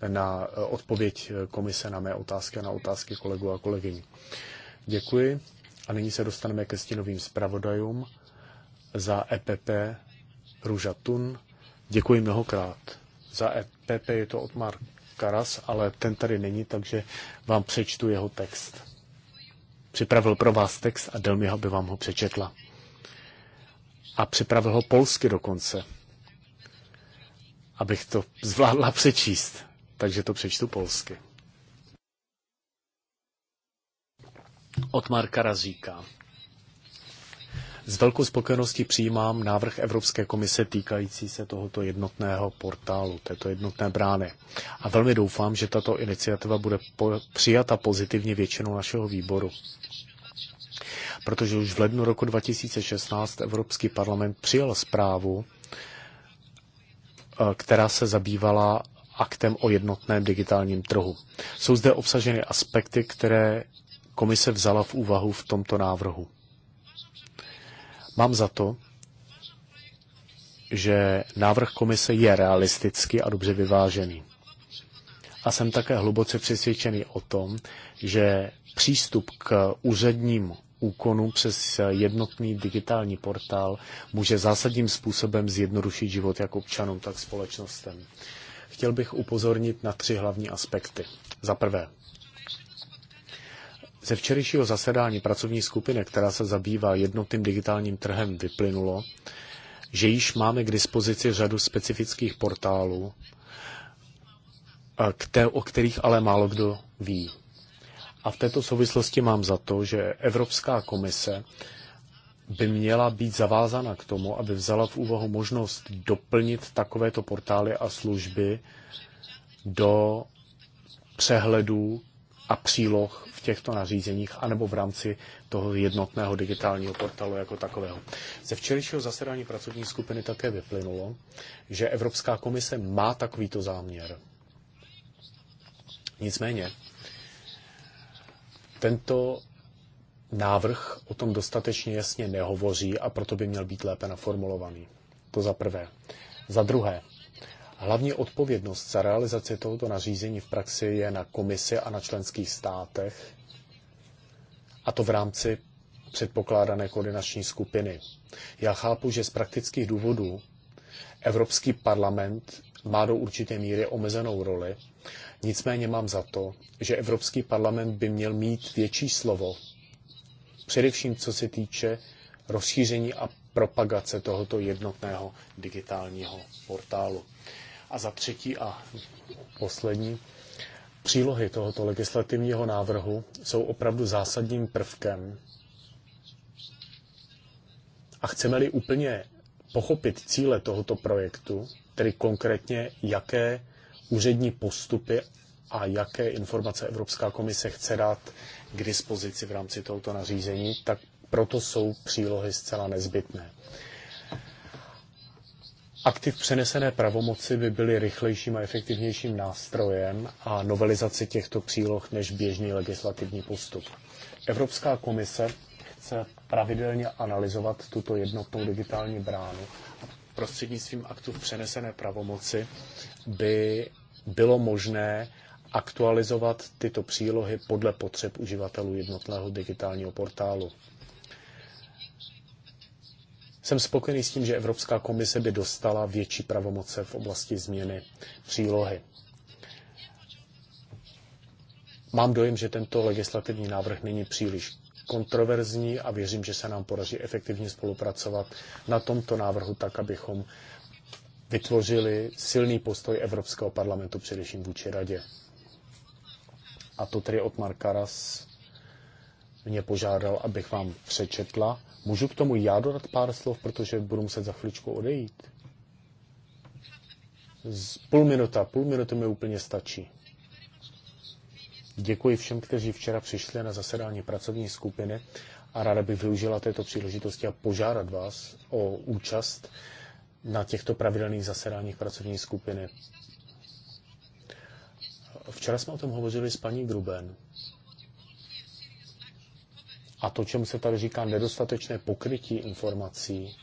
na odpověď komise na mé otázky a na otázky kolegů a kolegyň. Děkuji a nyní se dostaneme ke stinovým zpravodajům za EPP Růža Tun. Děkuji mnohokrát. Za EPP je to od Mark Karas, ale ten tady není, takže vám přečtu jeho text. Připravil pro vás text a ho by vám ho přečetla. A připravil ho polsky dokonce, abych to zvládla přečíst takže to přečtu polsky. Od Marka Razíka. S velkou spokojeností přijímám návrh Evropské komise týkající se tohoto jednotného portálu, této jednotné brány. A velmi doufám, že tato iniciativa bude po- přijata pozitivně většinou našeho výboru. Protože už v lednu roku 2016 Evropský parlament přijal zprávu, eh, která se zabývala aktem o jednotném digitálním trhu. Jsou zde obsaženy aspekty, které komise vzala v úvahu v tomto návrhu. Mám za to, že návrh komise je realistický a dobře vyvážený. A jsem také hluboce přesvědčený o tom, že přístup k úředním úkonům přes jednotný digitální portál může zásadním způsobem zjednodušit život jak občanům, tak společnostem chtěl bych upozornit na tři hlavní aspekty. Za prvé, ze včerejšího zasedání pracovní skupiny, která se zabývá jednotným digitálním trhem, vyplynulo, že již máme k dispozici řadu specifických portálů, eh, o kterých ale málo kdo ví. A v této souvislosti mám za to, že Evropská komise by měla být zavázána k tomu, aby vzala v úvahu možnost doplnit takovéto portály a služby do přehledů a příloh v těchto nařízeních anebo v rámci toho jednotného digitálního portálu jako takového. Ze včerejšího zasedání pracovní skupiny také vyplynulo, že Evropská komise má takovýto záměr. Nicméně, tento návrh o tom dostatečně jasně nehovoří a proto by měl být lépe naformulovaný. To za prvé. Za druhé, hlavní odpovědnost za realizaci tohoto nařízení v praxi je na komisi a na členských státech, a to v rámci předpokládané koordinační skupiny. Já chápu, že z praktických důvodů Evropský parlament má do určité míry omezenou roli, nicméně mám za to, že Evropský parlament by měl mít větší slovo především co se týče rozšíření a propagace tohoto jednotného digitálního portálu. A za třetí a poslední, přílohy tohoto legislativního návrhu jsou opravdu zásadním prvkem. A chceme-li úplně pochopit cíle tohoto projektu, tedy konkrétně jaké úřední postupy a jaké informace Evropská komise chce dát k dispozici v rámci tohoto nařízení, tak proto jsou přílohy zcela nezbytné. Aktiv přenesené pravomoci by byly rychlejším a efektivnějším nástrojem a novelizaci těchto příloh než běžný legislativní postup. Evropská komise chce pravidelně analyzovat tuto jednotnou digitální bránu a prostřednictvím aktu přenesené pravomoci by bylo možné aktualizovat tyto přílohy podle potřeb uživatelů jednotného digitálního portálu. Jsem spokojený s tím, že Evropská komise by dostala větší pravomoce v oblasti změny přílohy. Mám dojem, že tento legislativní návrh není příliš kontroverzní a věřím, že se nám podaří efektivně spolupracovat na tomto návrhu tak, abychom vytvořili silný postoj Evropského parlamentu především vůči radě a to tedy od Markaras mě požádal, abych vám přečetla. Můžu k tomu já dodat pár slov, protože budu muset za chvíličku odejít? Z půl minuta, půl minuty mi úplně stačí. Děkuji všem, kteří včera přišli na zasedání pracovní skupiny a ráda bych využila této příležitosti a požádat vás o účast na těchto pravidelných zasedáních pracovní skupiny Včera jsme o tom hovořili s paní Gruben. A to, čemu se tady říká nedostatečné pokrytí informací,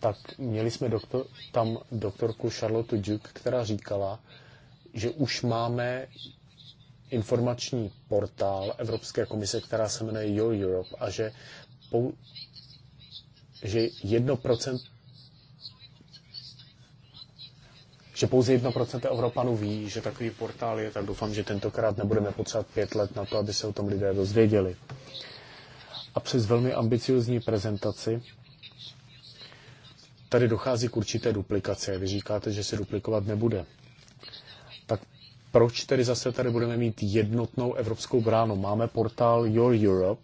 tak měli jsme doktor, tam doktorku Charlotte Duke, která říkala, že už máme informační portál Evropské komise, která se jmenuje Your Europe a že, pou, že že pouze 1% Evropanů ví, že takový portál je, tak doufám, že tentokrát nebudeme potřebovat pět let na to, aby se o tom lidé dozvěděli. A přes velmi ambiciozní prezentaci tady dochází k určité duplikaci. Vy říkáte, že se duplikovat nebude. Tak proč tedy zase tady budeme mít jednotnou evropskou bránu? Máme portál Your Europe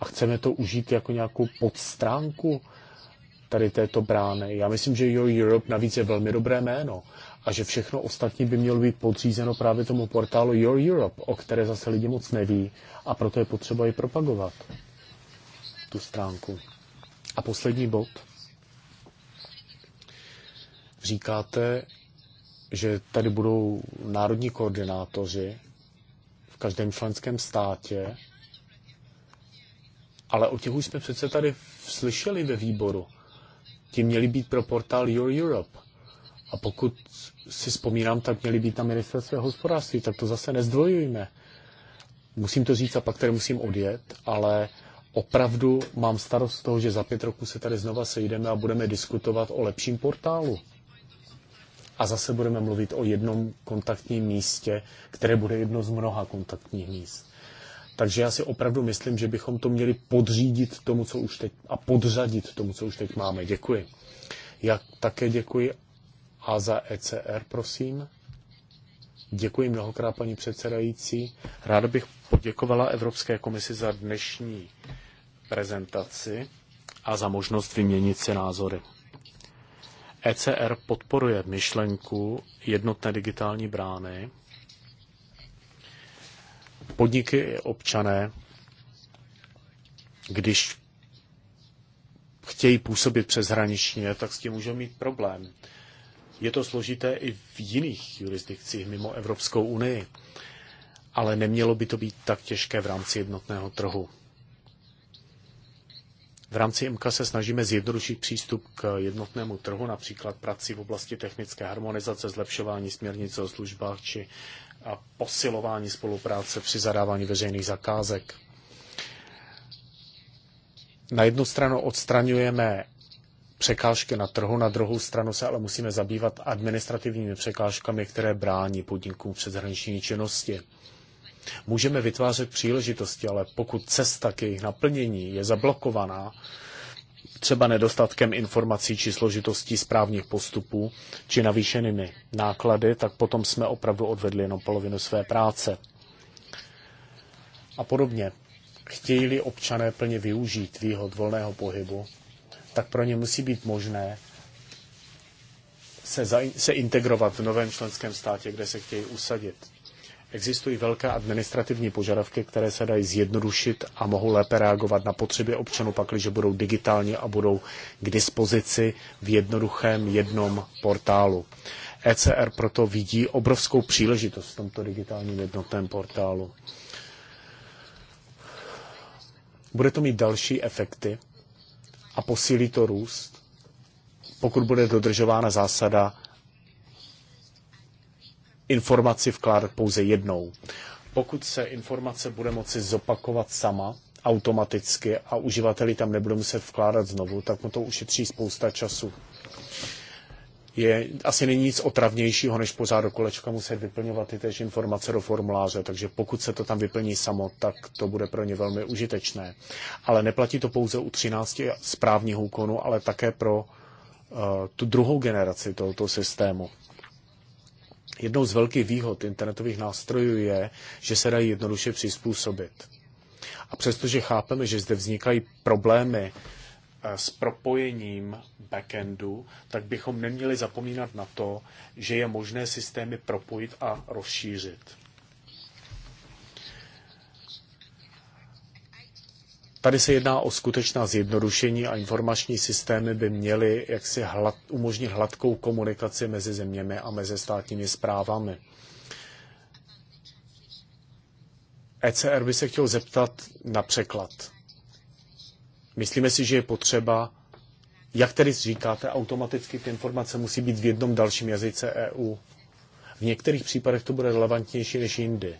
a chceme to užít jako nějakou podstránku tady této brány. Já myslím, že Your Europe navíc je velmi dobré jméno a že všechno ostatní by mělo být podřízeno právě tomu portálu Your Europe, o které zase lidi moc neví a proto je potřeba ji propagovat, tu stránku. A poslední bod. Říkáte, že tady budou národní koordinátoři v každém členském státě, ale o těch už jsme přece tady slyšeli ve výboru ti měli být pro portál Your Europe. A pokud si vzpomínám, tak měli být na ministerstvo hospodářství, tak to zase nezdvojujme. Musím to říct a pak tady musím odjet, ale opravdu mám starost z toho, že za pět roku se tady znova sejdeme a budeme diskutovat o lepším portálu. A zase budeme mluvit o jednom kontaktním místě, které bude jedno z mnoha kontaktních míst. Takže já si opravdu myslím, že bychom to měli podřídit tomu, co už teď, a podřadit tomu, co už teď máme. Děkuji. Já také děkuji a za ECR, prosím. Děkuji mnohokrát, paní předsedající. Rád bych poděkovala Evropské komisi za dnešní prezentaci a za možnost vyměnit si názory. ECR podporuje myšlenku jednotné digitální brány podniky i občané, když chtějí působit přeshraničně, tak s tím můžou mít problém. Je to složité i v jiných jurisdikcích mimo Evropskou unii, ale nemělo by to být tak těžké v rámci jednotného trhu. V rámci IMCA se snažíme zjednodušit přístup k jednotnému trhu, například prací v oblasti technické harmonizace, zlepšování směrnice o službách či a posilování spolupráce při zadávání veřejných zakázek. Na jednu stranu odstraňujeme překážky na trhu, na druhou stranu se ale musíme zabývat administrativními překážkami, které brání podnikům přeshraniční činnosti. Můžeme vytvářet příležitosti, ale pokud cesta k jejich naplnění je zablokovaná, třeba nedostatkem informací či složitostí správních postupů, či navýšenými náklady, tak potom jsme opravdu odvedli jenom polovinu své práce. A podobně, chtějí-li občané plně využít výhod volného pohybu, tak pro ně musí být možné se, za, se integrovat v novém členském státě, kde se chtějí usadit. Existují velké administrativní požadavky, které se dají zjednodušit a mohou lépe reagovat na potřeby občanů, pakliže budou digitální a budou k dispozici v jednoduchém jednom portálu. ECR proto vidí obrovskou příležitost v tomto digitálním jednotném portálu. Bude to mít další efekty a posílí to růst, pokud bude dodržována zásada informaci vkládat pouze jednou. Pokud se informace bude moci zopakovat sama, automaticky a uživateli tam nebudou muset vkládat znovu, tak mu to ušetří spousta času. Je, asi není nic otravnějšího, než pořád do kolečka muset vyplňovat ty tež informace do formuláře, takže pokud se to tam vyplní samo, tak to bude pro ně velmi užitečné. Ale neplatí to pouze u 13 správního úkonu, ale také pro uh, tu druhou generaci tohoto systému. Jednou z velkých výhod internetových nástrojů je, že se dají jednoduše přizpůsobit. A přestože chápeme, že zde vznikají problémy eh, s propojením backendu, tak bychom neměli zapomínat na to, že je možné systémy propojit a rozšířit. Tady se jedná o skutečná zjednodušení a informační systémy by měly jaksi hlad, umožnit hladkou komunikaci mezi zeměmi a mezi státními zprávami. ECR by se chtěl zeptat na překlad. Myslíme si, že je potřeba, jak tedy říkáte, automaticky ty informace musí být v jednom dalším jazyce EU. V některých případech to bude relevantnější než jindy.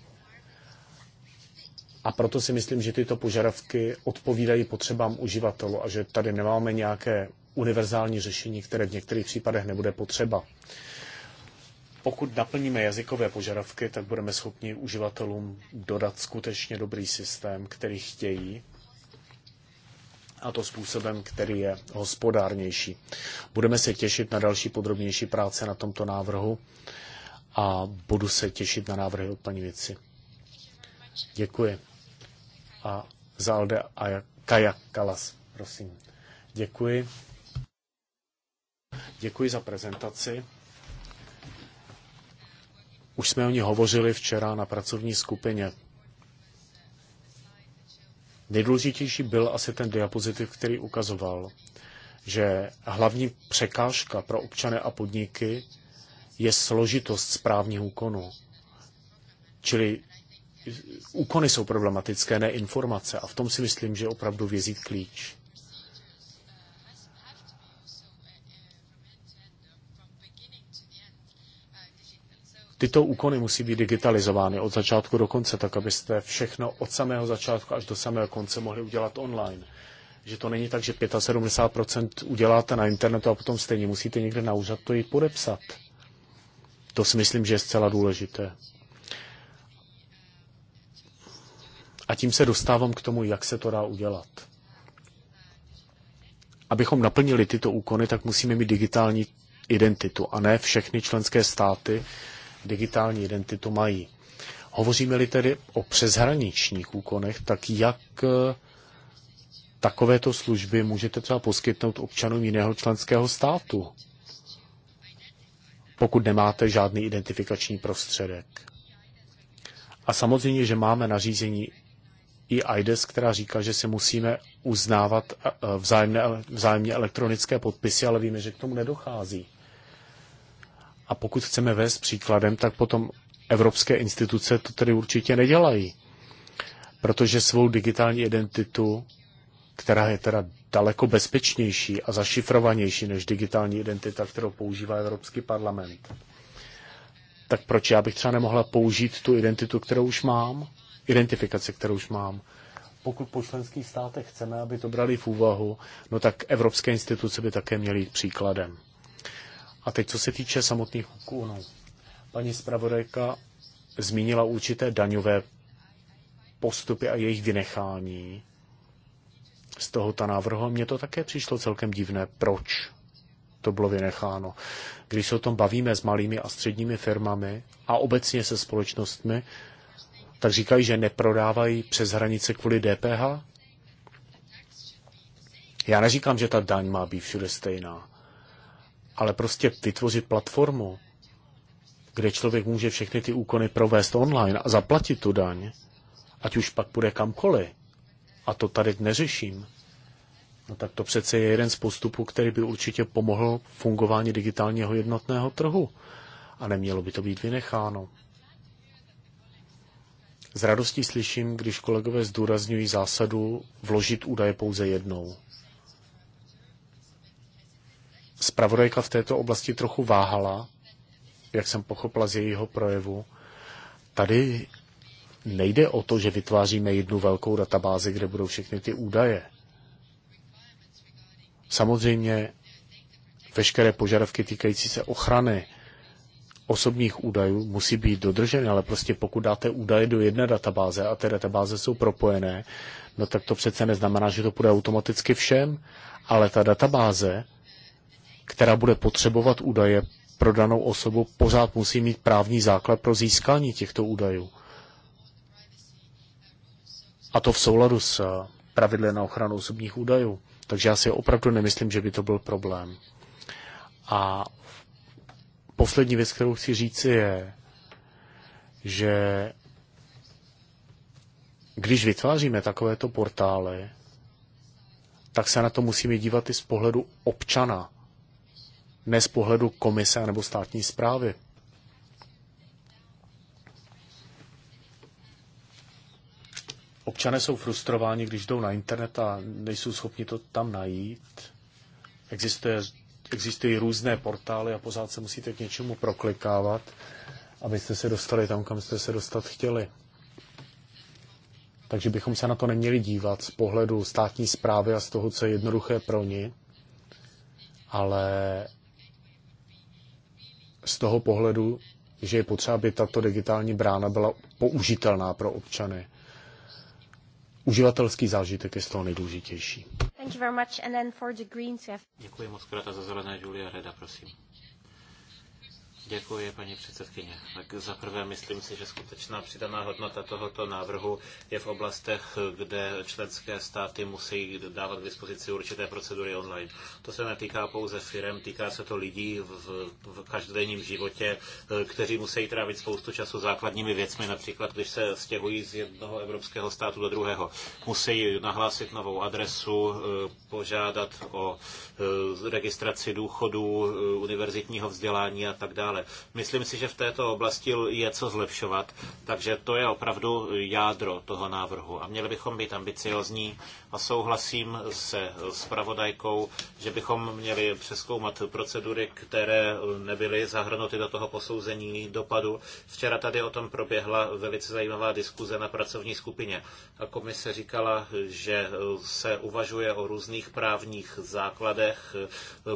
A proto si myslím, že tyto požadavky odpovídají potřebám uživatelů a že tady nemáme nějaké univerzální řešení, které v některých případech nebude potřeba. Pokud naplníme jazykové požadavky, tak budeme schopni uživatelům dodat skutečně dobrý systém, který chtějí, a to způsobem, který je hospodárnější. Budeme se těšit na další podrobnější práce na tomto návrhu a budu se těšit na návrhy od paní věci. Děkuji a Zalde a Kaja Kalas. Prosím. Děkuji. Děkuji za prezentaci. Už jsme o ní hovořili včera na pracovní skupině. Nejdůležitější byl asi ten diapozitiv, který ukazoval, že hlavní překážka pro občany a podniky je složitost správního úkonu. Čili úkony jsou problematické, ne informace. A v tom si myslím, že opravdu vězí klíč. Tyto úkony musí být digitalizovány od začátku do konce, tak abyste všechno od samého začátku až do samého konce mohli udělat online. Že to není tak, že 75% uděláte na internetu a potom stejně musíte někde na úřad to jít podepsat. To si myslím, že je zcela důležité. A tím se dostávám k tomu, jak se to dá udělat. Abychom naplnili tyto úkony, tak musíme mít digitální identitu. A ne všechny členské státy digitální identitu mají. Hovoříme-li tedy o přeshraničních úkonech, tak jak eh, takovéto služby můžete třeba poskytnout občanům jiného členského státu, pokud nemáte žádný identifikační prostředek. A samozřejmě, že máme nařízení i IDES, která říká, že si musíme uznávat eh, vzájemné, vzájemně elektronické podpisy, ale víme, že k tomu nedochází. A pokud chceme vést příkladem, tak potom evropské instituce to tedy určitě nedělají. Protože svou digitální identitu, která je teda daleko bezpečnější a zašifrovanější než digitální identita, kterou používá Evropský parlament, tak proč já bych třeba nemohla použít tu identitu, kterou už mám? identifikace, kterou už mám. Pokud po členských státech chceme, aby to brali v úvahu, no tak evropské instituce by také měly jít příkladem. A teď, co se týče samotných úkonů. Paní zpravodajka zmínila určité daňové postupy a jejich vynechání z tohoto návrhu. Mně to také přišlo celkem divné, proč to bylo vynecháno. Když se o tom bavíme s malými a středními firmami a obecně se společnostmi, tak říkají, že neprodávají přes hranice kvůli DPH? Já neříkám, že ta daň má být všude stejná, ale prostě vytvořit platformu, kde člověk může všechny ty úkony provést online a zaplatit tu daň, ať už pak půjde kamkoliv. A to tady neřeším. No tak to přece je jeden z postupů, který by určitě pomohl fungování digitálního jednotného trhu. A nemělo by to být vynecháno. S radostí slyším, když kolegové zdůrazňují zásadu vložit údaje pouze jednou. Spravodajka v této oblasti trochu váhala, jak jsem pochopila z jejího projevu. Tady nejde o to, že vytváříme jednu velkou databázi, kde budou všechny ty údaje. Samozřejmě veškeré požadavky týkající se ochrany osobních údajů musí být dodrženy, ale prostě pokud dáte údaje do jedné databáze a ty databáze jsou propojené, no tak to přece neznamená, že to bude automaticky všem, ale ta databáze, která bude potřebovat údaje pro danou osobu, pořád musí mít právní základ pro získání těchto údajů. A to v souladu s pravidly na ochranu osobních údajů. Takže já si opravdu nemyslím, že by to byl problém. A poslední věc, kterou chci říci, je, že když vytváříme takovéto portály, tak se na to musíme dívat i z pohledu občana, ne z pohledu komise nebo státní zprávy. Občané jsou frustrováni, když jdou na internet a nejsou schopni to tam najít. Existuje existují různé portály a pořád se musíte k něčemu proklikávat, abyste se dostali tam, kam jste se dostat chtěli. Takže bychom se na to neměli dívat z pohledu státní zprávy a z toho, co je jednoduché pro ní, ale z toho pohledu, že je potřeba, aby tato digitální brána byla použitelná pro občany. Uživatelský zážitek je z toho nejdůležitější. Thank you very much. And then for the Greens, have... Děkuji moc krát a za zelené Julia Reda, prosím. Děkuji, paní předsedkyně. Tak za prvé myslím si, že skutečná přidaná hodnota tohoto návrhu je v oblastech, kde členské státy musí dávat k dispozici určité procedury online. To se netýká pouze firem, týká se to lidí v, v každodenním životě, eh, kteří musí trávit spoustu času základními věcmi, například když se stěhují z jednoho evropského státu do druhého. Musí nahlásit novou adresu, eh, požádat o eh, registraci důchodů, univerzitního vzdělání a tak dále ale Myslím si, že v této oblasti je co zlepšovat, takže to je opravdu jádro toho návrhu. A měli bychom být ambiciozní a souhlasím se spravodajkou, že bychom měli přeskoumat procedury, které nebyly zahrnuty do toho posouzení dopadu. Včera tady o tom proběhla velice zajímavá diskuze na pracovní skupině. A komise říkala, že se uvažuje o různých právních základech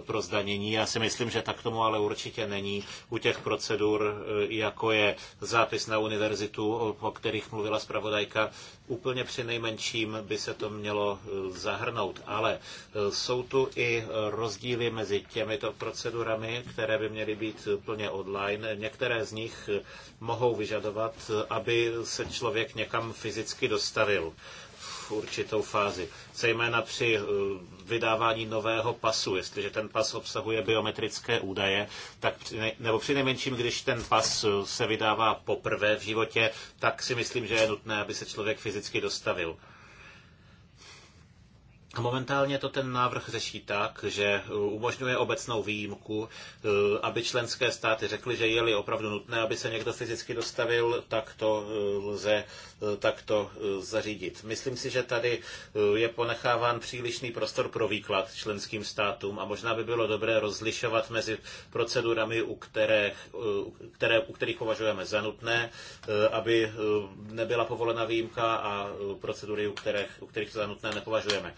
pro zdanění. Já si myslím, že tak tomu ale určitě není u těch procedur, e, jako je zápis na univerzitu, o kterých mluvila zpravodajka, úplně při nejmenším by se to mělo e, zahrnout. Ale e, jsou tu i rozdíly mezi těmito procedurami, které by měly být plně online. Některé z nich mohou vyžadovat, aby se člověk někam fyzicky dostavil určitou fázi. Zejména při eh, vydávání nového pasu, jestliže ten pas obsahuje biometrické údaje, tak nebo při nejmenším, když ten pas eh, se vydává poprvé v životě, tak si myslím, že je nutné, aby se člověk fyzicky dostavil. Momentálně to ten návrh řeší tak, že eh, umožňuje obecnou výjimku, aby členské státy řekly, že je-li opravdu nutné, aby se někdo fyzicky dostavil, tak to lze Eh, takto eh, zařídit. Myslím si, že tady eh, je ponecháván přílišný prostor pro výklad členským státům a možná by bylo dobré rozlišovat mezi procedurami, u, kterých, které, u kterých považujeme za nutné, aby nebyla povolena výjimka a procedury, u kterých, u kterých to za nutné nepovažujeme.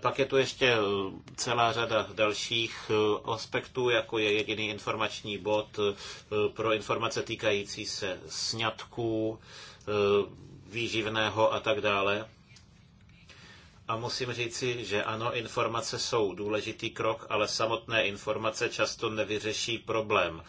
Pak je tu ještě celá řada dalších aspektů, jako je jediný informační bod pro informace týkající se sňatků, výživného a tak dále. A musím říci, že ano, informace jsou důležitý krok, ale samotné informace často nevyřeší problém,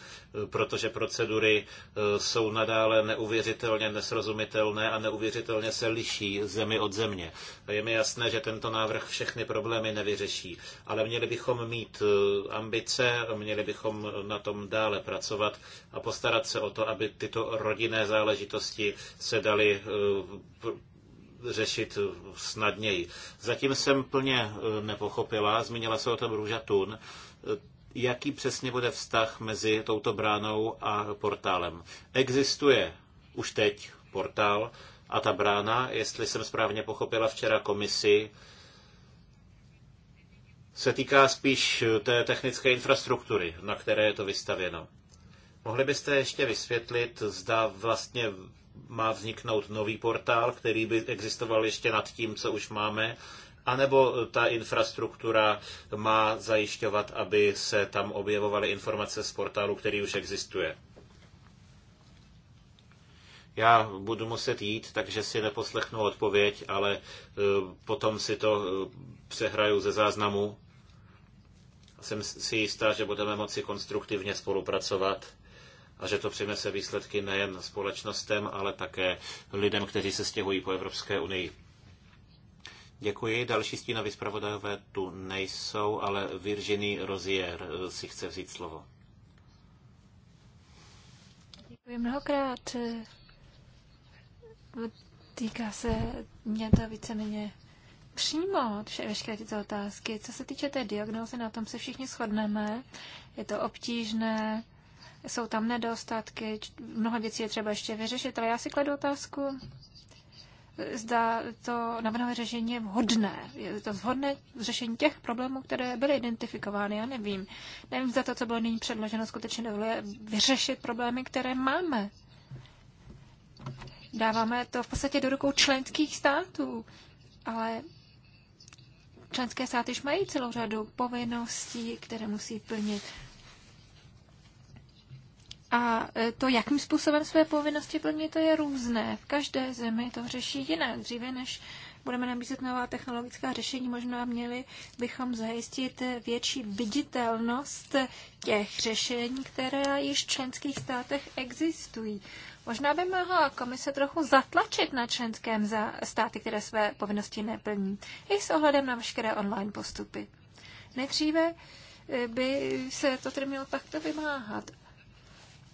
protože procedury e, jsou nadále neuvěřitelně nesrozumitelné a neuvěřitelně se liší zemi od země. Je mi jasné, že tento návrh všechny problémy nevyřeší, ale měli bychom mít e, ambice, měli bychom na tom dále pracovat a postarat se o to, aby tyto rodinné záležitosti se daly e, řešit snadněji. Zatím jsem plně eh, nepochopila, zmínila se o tom Růža Tun, eh, jaký přesně bude vztah mezi touto bránou a portálem. Existuje už teď portál a ta brána, jestli jsem správně pochopila včera komisi, se týká spíš eh, té technické infrastruktury, na které je to vystavěno. Mohli byste ještě vysvětlit, zda vlastně má vzniknout nový portál, který by existoval ještě nad tím, co už máme, anebo ta infrastruktura má zajišťovat, aby se tam objevovaly informace z portálu, který už existuje. Já budu muset jít, takže si neposlechnu odpověď, ale e, potom si to e, přehraju ze záznamu. Jsem si jistá, že budeme moci konstruktivně spolupracovat a že to přinese výsledky nejen společnostem, ale také lidem, kteří se stěhují po Evropské unii. Děkuji. Další stínovy zpravodajové tu nejsou, ale Virginie Rozier si chce vzít slovo. Děkuji mnohokrát. Týká se mě to víceméně přímo veškeré tyto otázky. Co se týče té diagnózy, na tom se všichni shodneme. Je to obtížné, jsou tam nedostatky, mnoho věcí je třeba ještě vyřešit, ale já si kladu otázku, zda to navrhované řešení je vhodné. Je to vhodné řešení těch problémů, které byly identifikovány, já nevím. Nevím, zda to, co bylo nyní předloženo, skutečně dovoluje vyřešit problémy, které máme. Dáváme to v podstatě do rukou členských států, ale členské státy už mají celou řadu povinností, které musí plnit. A e, to, jakým způsobem své povinnosti plní, to je různé. V každé zemi to řeší jinak. Dříve, než budeme nabízet nová technologická řešení, možná měli bychom zajistit větší viditelnost těch řešení, která již v členských státech existují. Možná by mohla komise trochu zatlačit na členském za státy, které své povinnosti neplní, i s ohledem na veškeré online postupy. Nejdříve e, by se to tedy mělo takto vymáhat.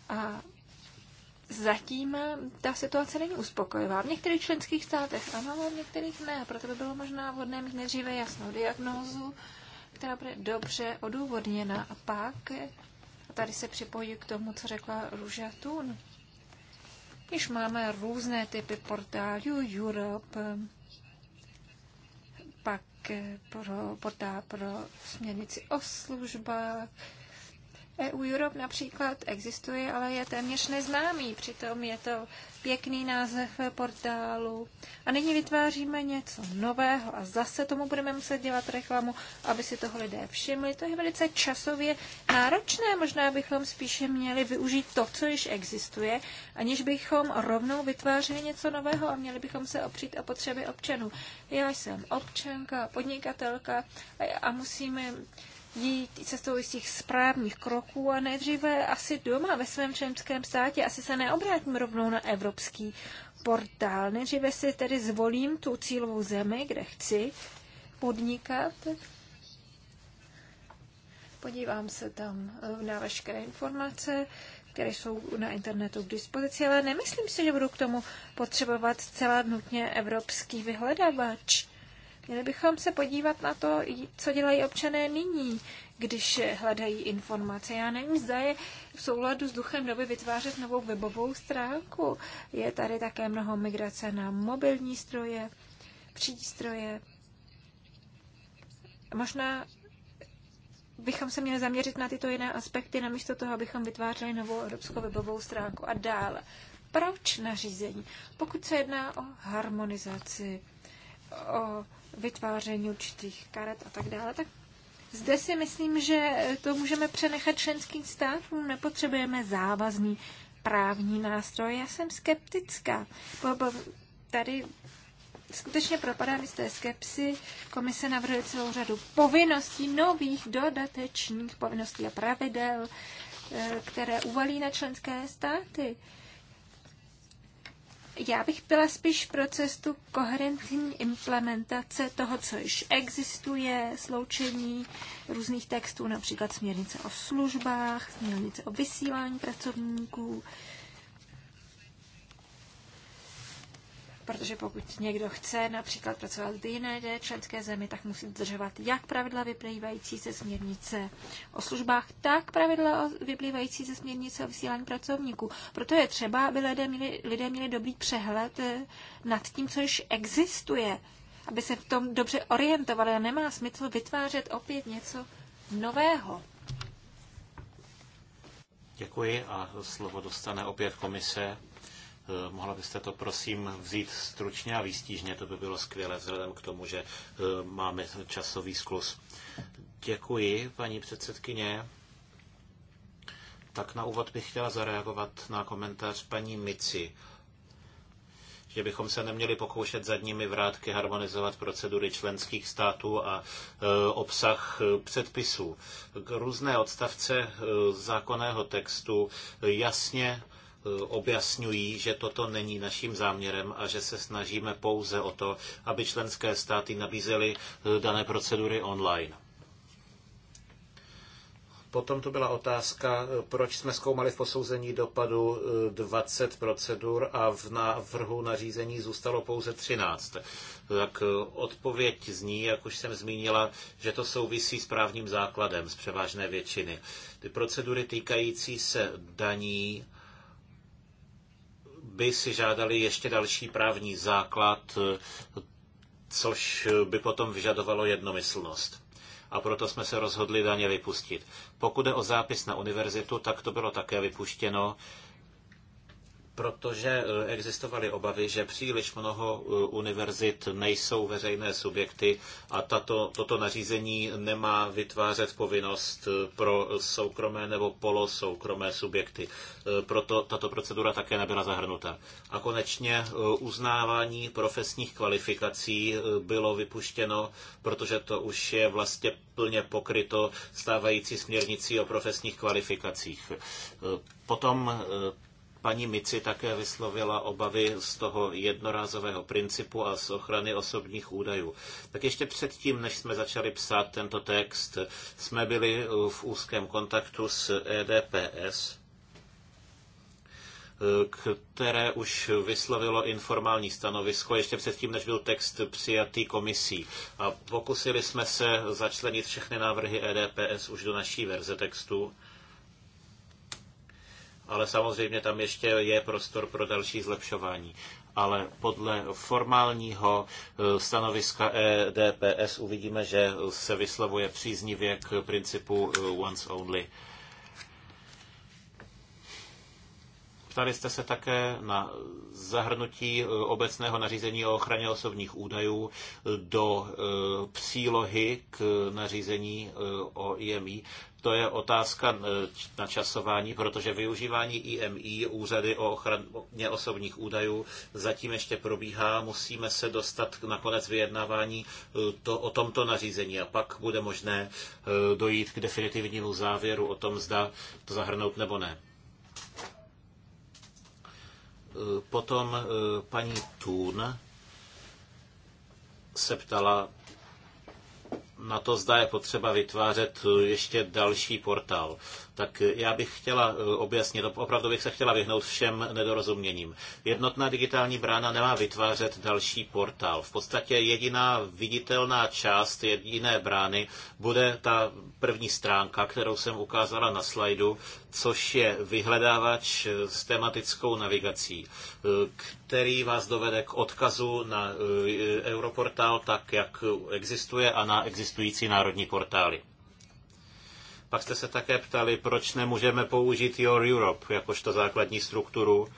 A zatím ta situace není uspokojivá. V některých členských státech ano, ale v některých ne. Proto by bylo možná vhodné mít nejdříve jasnou diagnózu, která bude dobře odůvodněna. A pak, a tady se připojí k tomu, co řekla Růža Tun, když máme různé typy portálů Europe, pak pro, portál pro směrnici o službách, EU Europe například existuje, ale je téměř neznámý. Přitom je to pěkný název portálu. A nyní vytváříme něco nového a zase tomu budeme muset dělat reklamu, aby si toho lidé všimli. To je velice časově náročné. Možná bychom spíše měli využít to, co již existuje, aniž bychom rovnou vytvářeli něco nového a měli bychom se opřít o potřeby občanů. Já jsem občanka, podnikatelka a musíme jít cestou těch správných kroků a nejdříve asi doma ve svém členském státě, asi se neobrátím rovnou na evropský portál. Nejdříve si tedy zvolím tu cílovou zemi, kde chci podnikat. Podívám se tam eh, na veškeré informace, které jsou na internetu k dispozici, ale nemyslím si, že budu k tomu potřebovat celá nutně evropský vyhledavač. Měli bychom se podívat na to, co dělají občané nyní, když hledají informace. Já nevím, zda je v souladu s duchem doby vytvářet novou webovou stránku. Je tady také mnoho migrace na mobilní stroje, přístroje. Možná bychom se měli zaměřit na tyto jiné aspekty, namísto toho, abychom vytvářeli novou evropskou webovou stránku a dále. Proč nařízení? Pokud se jedná o harmonizaci, o vytváření určitých karet a tak dále, tak zde si myslím, že to můžeme přenechat členským státům. Nepotřebujeme závazný právní nástroj. Já jsem skeptická. Bo, tady skutečně propadá mi z té skepsy. Komise navrhuje celou řadu povinností, nových dodatečných povinností a pravidel, eh, které uvalí na členské státy. Já bych byla spíš pro cestu koherentní implementace toho, co již existuje, sloučení různých textů, například směrnice o službách, směrnice o vysílání pracovníků, protože pokud někdo chce například pracovat v jiné členské zemi, tak musí dodržovat jak pravidla vyplývající ze směrnice o službách, tak pravidla vyplývající ze směrnice o vysílání pracovníků. Proto je třeba, aby lidé měli, lidé měli dobrý přehled eh, nad tím, co již existuje, aby se v tom dobře orientovali a nemá smysl vytvářet opět něco nového. Děkuji a slovo dostane opět komise. Eh, mohla byste to prosím vzít stručně a výstížně, to by bylo skvělé vzhledem k tomu, že eh, máme časový sklus. Děkuji, paní předsedkyně. Tak na úvod bych chtěla zareagovat na komentář paní Mici že bychom se neměli pokoušet zadními vrátky harmonizovat procedury členských států a eh, obsah předpisů. Různé odstavce zákonného textu jasně Eh, objasňují, že toto není naším záměrem a že se snažíme pouze o to, aby členské státy nabízely eh, dané procedury online. Potom to byla otázka, eh, proč jsme zkoumali v posouzení dopadu 20 procedur a v návrhu nařízení zůstalo pouze 13. Tak odpověď zní, jak už jsem zmínila, že to souvisí s právním základem z převážné většiny. Ty procedury týkající se daní by si žádali ještě další právní základ, což by potom vyžadovalo jednomyslnost a proto jsme se rozhodli daně vypustit. Pokud je o zápis na univerzitu, tak to bylo také vypuštěno, protože e, existovaly obavy, že příliš mnoho e, univerzit nejsou veřejné subjekty a tato, toto nařízení nemá vytvářet povinnost e, pro soukromé nebo polosoukromé subjekty. Proto tato procedura také nebyla zahrnuta. A konečně uznávání profesních kvalifikací bylo vypuštěno, protože to už je vlastně plně pokryto stávající směrnicí o profesních kvalifikacích. Potom Paní Mici také vyslovila obavy z toho jednorázového principu a z ochrany osobních údajů. Tak ještě předtím, než jsme začali psát tento text, jsme byli v úzkém kontaktu s EDPS, které už vyslovilo informální stanovisko ještě předtím, než byl text přijatý komisí. A pokusili jsme se začlenit všechny návrhy EDPS už do naší verze textu ale samozřejmě tam ještě je prostor pro další zlepšování. Ale podle formálního eh, stanoviska EDPS uvidíme, že se vyslovuje příznivě k principu eh, once only. Ptali jste se také na zahrnutí eh, obecného nařízení o ochraně osobních údajů do přílohy k nařízení o IMI to je otázka e, na časování, protože využívání IMI, úřady o ochraně osobních údajů, zatím ještě probíhá. Musíme se dostat na konec vyjednávání e, to, o tomto nařízení a pak bude možné e, dojít k definitivnímu závěru o tom, zda to zahrnout nebo ne. Potom paní Tún se ptala na to, zda je potřeba vytvářet eh, ještě další portál tak já bych chtěla eh, objasnit, no, opravdu bych se chtěla vyhnout všem nedorozuměním. Jednotná digitální brána nemá vytvářet další portál. V podstatě jediná viditelná část jediné brány bude ta první stránka, kterou jsem ukázala na slajdu, což je vyhledávač eh, s tematickou navigací, eh, který vás dovede k odkazu na Europortál tak, jak existuje a na existující národní portály. Pak jste se také ptali, proč nemůžeme použít Your Europe jakožto základní strukturu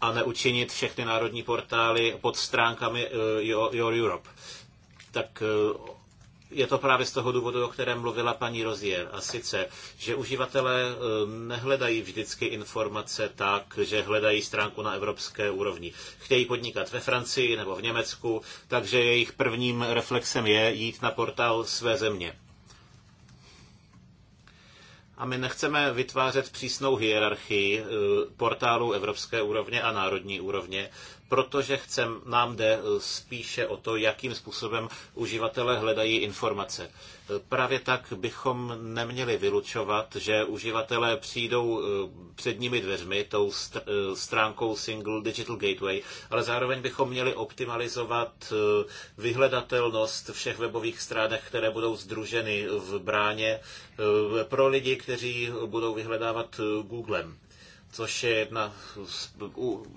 a neučinit všechny národní portály pod stránkami eh, Your Europe. Tak eh, je to právě z toho důvodu, o kterém mluvila paní Rozier. A sice, že uživatelé eh, nehledají vždycky informace tak, že hledají stránku na evropské úrovni. Chtějí podnikat ve Francii nebo v Německu, takže jejich prvním reflexem je jít na portál své země. A my nechceme vytvářet přísnou hierarchii eh, portálů evropské úrovně a národní úrovně protože chcem, nám jde eh, spíše o to, jakým způsobem uživatelé hledají informace. Eh, právě tak bychom neměli vylučovat, že uživatelé přijdou eh, předními dveřmi, tou stránkou Single Digital Gateway, ale zároveň bychom měli optimalizovat vyhledatelnost všech webových stránek, které budou združeny v bráně pro lidi, kteří budou vyhledávat Googlem což je jedna z,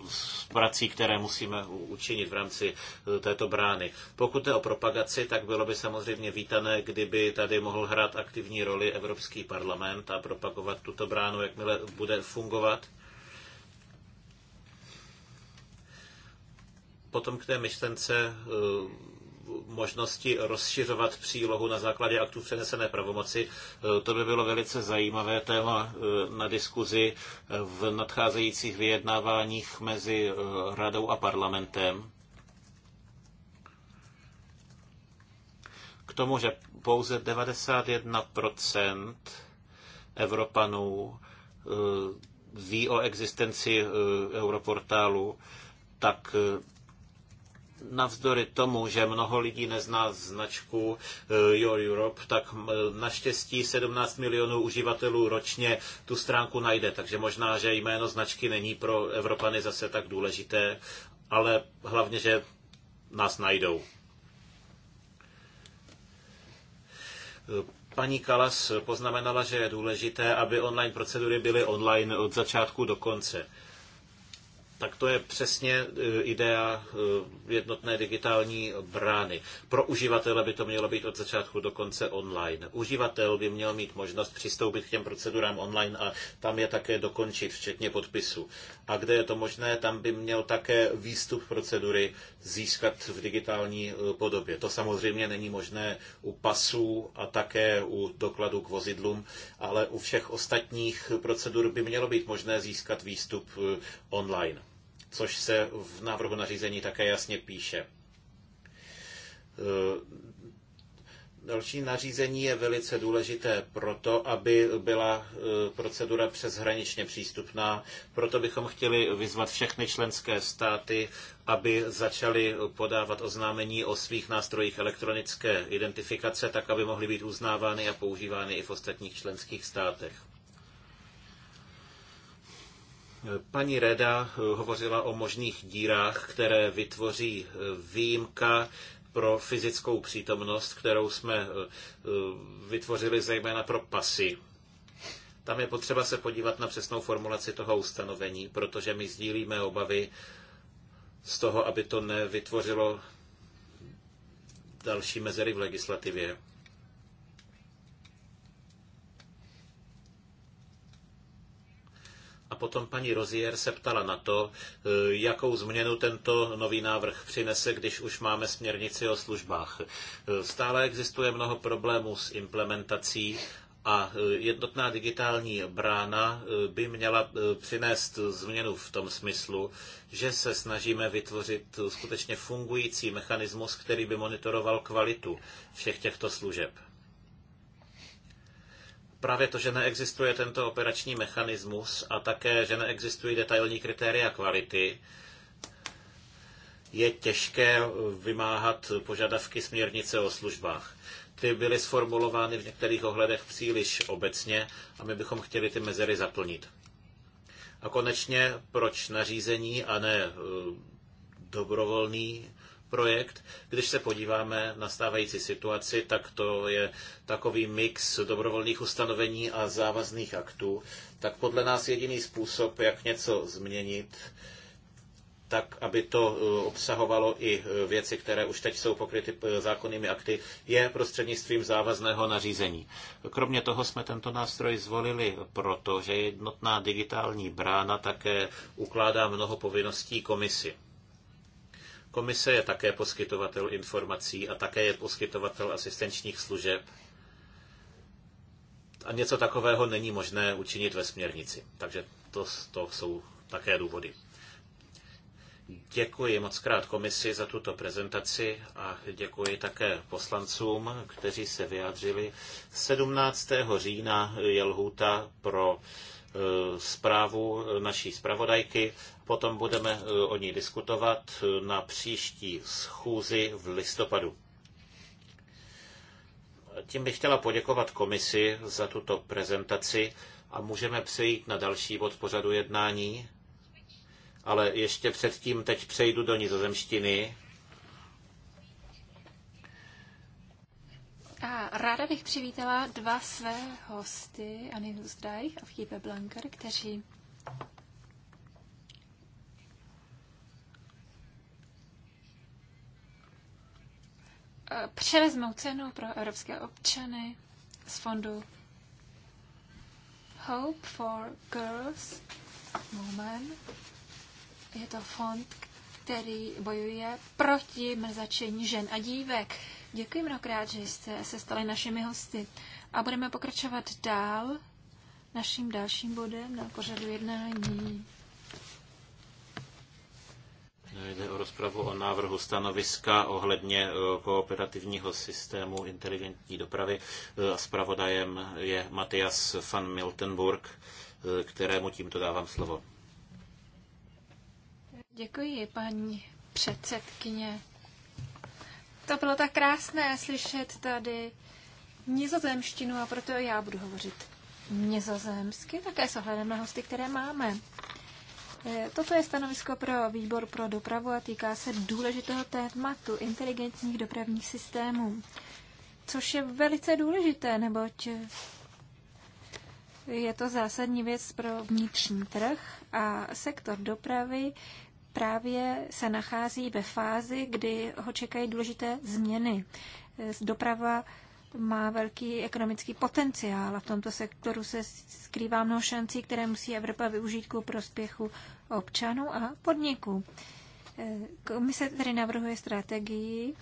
z prací, které musíme učinit v rámci eh, této brány. Pokud je o propagaci, tak bylo by samozřejmě vítané, kdyby tady mohl hrát aktivní roli Evropský parlament a propagovat tuto bránu, jakmile bude fungovat. Potom k té myšlence eh, možnosti rozšiřovat přílohu na základě aktu přenesené pravomoci. E, to by bylo velice zajímavé téma e, na diskuzi v nadcházejících vyjednáváních mezi e, radou a parlamentem. K tomu, že pouze 91% Evropanů ví o existenci Europortálu, tak navzdory tomu, že mnoho lidí nezná značku eh, Your Europe, tak eh, naštěstí 17 milionů uživatelů ročně tu stránku najde, takže možná, že jméno značky není pro Evropany zase tak důležité, ale hlavně, že nás najdou. Eh, paní Kalas poznamenala, že je důležité, aby online procedury byly online od začátku do konce tak to je přesně e, idea e, jednotné digitální brány. Pro uživatele by to mělo být od začátku do konce online. Uživatel by měl mít možnost přistoupit k těm procedurám online a tam je také dokončit, včetně podpisu. A kde je to možné, tam by měl také výstup procedury získat v digitální e, podobě. To samozřejmě není možné u pasů a také u dokladů k vozidlům, ale u všech ostatních procedur by mělo být možné získat výstup online což se v návrhu nařízení také jasně píše. E, další nařízení je velice důležité proto, aby byla e, procedura přeshraničně přístupná. Proto bychom chtěli vyzvat všechny členské státy, aby začaly podávat oznámení o svých nástrojích elektronické identifikace, tak aby mohly být uznávány a používány i v ostatních členských státech. Paní Reda eh, hovořila o možných dírách, které vytvoří eh, výjimka pro fyzickou přítomnost, kterou jsme eh, vytvořili zejména pro pasy. Tam je potřeba se podívat na přesnou formulaci toho ustanovení, protože my sdílíme obavy z toho, aby to nevytvořilo další mezery v legislativě. A potom paní Rozier se ptala na to, e, jakou změnu tento nový návrh přinese, když už máme směrnici o službách. E, stále existuje mnoho problémů s implementací a e, jednotná digitální brána by měla přinést změnu v tom smyslu, že se snažíme vytvořit skutečně fungující mechanismus, který by monitoroval kvalitu všech těchto služeb. Právě to, že neexistuje tento operační mechanismus a také, že neexistují detailní kritéria kvality, je těžké vymáhat požadavky směrnice o službách. Ty byly sformulovány v některých ohledech příliš obecně a my bychom chtěli ty mezery zaplnit. A konečně, proč nařízení a ne eh, dobrovolný projekt. Když se podíváme na stávající situaci, tak to je takový mix dobrovolných ustanovení a závazných aktů. Tak podle nás jediný způsob, jak něco změnit, tak, aby to uh, obsahovalo i uh, věci, které už teď jsou pokryty uh, zákonnými akty, je prostřednictvím závazného nařízení. Kromě toho jsme tento nástroj zvolili proto, že jednotná digitální brána také ukládá mnoho povinností komisi. Komise je také poskytovatel informací a také je poskytovatel asistenčních služeb. A něco takového není možné učinit ve směrnici. Takže to, to jsou také důvody. Děkuji moc krát komisi za tuto prezentaci a děkuji také poslancům, kteří se vyjádřili. 17. října je lhůta pro eh, zprávu naší zpravodajky Potom budeme eh, o ní diskutovat eh, na příští schůzi v listopadu. Tím bych chtěla poděkovat komisi za tuto prezentaci a můžeme přejít na další bod pořadu jednání. Ale ještě předtím teď přejdu do nizozemštiny. A ráda bych přivítala dva své hosty, Anny Husdreich a Filipe Blanker, kteří převezmou cenu pro evropské občany z fondu Hope for Girls Women. Je to fond, který bojuje proti mrzačení žen a dívek. Děkuji mnohokrát, že jste se stali našimi hosty. A budeme pokračovat dál naším dalším bodem na pořadu jednání. Jde o rozpravu o návrhu stanoviska ohledně e, kooperativního systému inteligentní dopravy. E, a zpravodajem je Matias van Miltenburg, e, kterému tímto dávám slovo. Děkuji, paní předsedkyně. To bylo tak krásné slyšet tady nizozemštinu a proto já budu hovořit nizozemsky, také s ohledem na hosty, které máme. Eh, toto je stanovisko pro výbor pro dopravu a týká se důležitého tématu inteligentních dopravních systémů, což je velice důležité, neboť je to zásadní věc pro vnitřní trh a sektor dopravy právě se nachází ve fázi, kdy ho čekají důležité změny. Eh, doprava má velký ekonomický potenciál a v tomto sektoru se skrývá mnoho šancí, které musí Evropa využít ku prospěchu občanů a podniků. Komise tedy navrhuje strategii,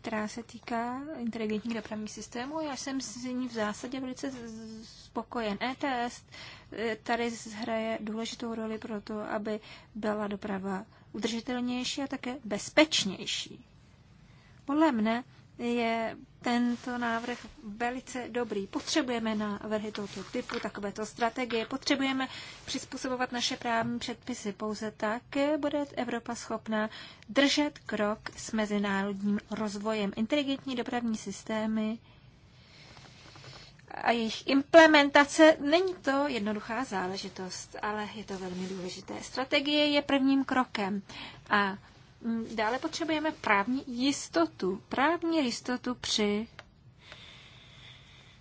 která se týká inteligentních dopravních systémů. Já jsem s ní v zásadě velice spokojen. ETS tady hraje důležitou roli pro to, aby byla doprava udržitelnější a také bezpečnější. Podle mne je tento návrh velice dobrý. Potřebujeme vrhy tohoto typu, takovéto strategie, potřebujeme přizpůsobovat naše právní předpisy. Pouze tak bude Evropa schopna držet krok s mezinárodním rozvojem. Inteligentní dopravní systémy a jejich implementace není to jednoduchá záležitost, ale je to velmi důležité. Strategie je prvním krokem a Mm, dále potřebujeme právní jistotu. Právní jistotu při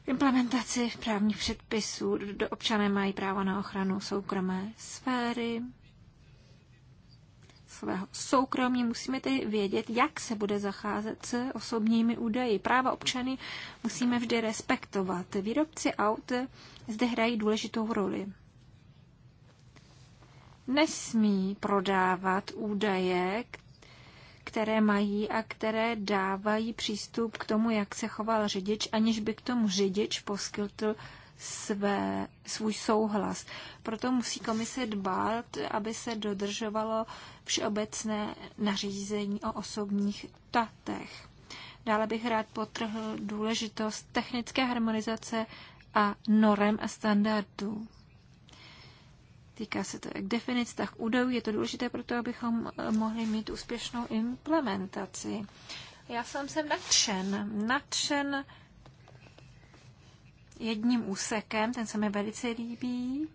implementaci právních předpisů. Občané mají právo na ochranu soukromé sféry, svého soukromí. Musíme tedy vědět, jak se bude zacházet s osobními údaji. Práva občany musíme vždy respektovat. Výrobci aut zde hrají důležitou roli. Nesmí prodávat údaje, které které mají a které dávají přístup k tomu, jak se choval řidič, aniž by k tomu řidič poskytl své, svůj souhlas. Proto musí komise dbát, aby se dodržovalo všeobecné nařízení o osobních datech. Dále bych rád potrhl důležitost technické harmonizace a norem a standardů. Týká se to jak definic, tak údajů. Je to důležité pro to, abychom eh, mohli mít úspěšnou implementaci. Já jsem jsem nadšen. Nadšen jedním úsekem, ten se mi velice líbí.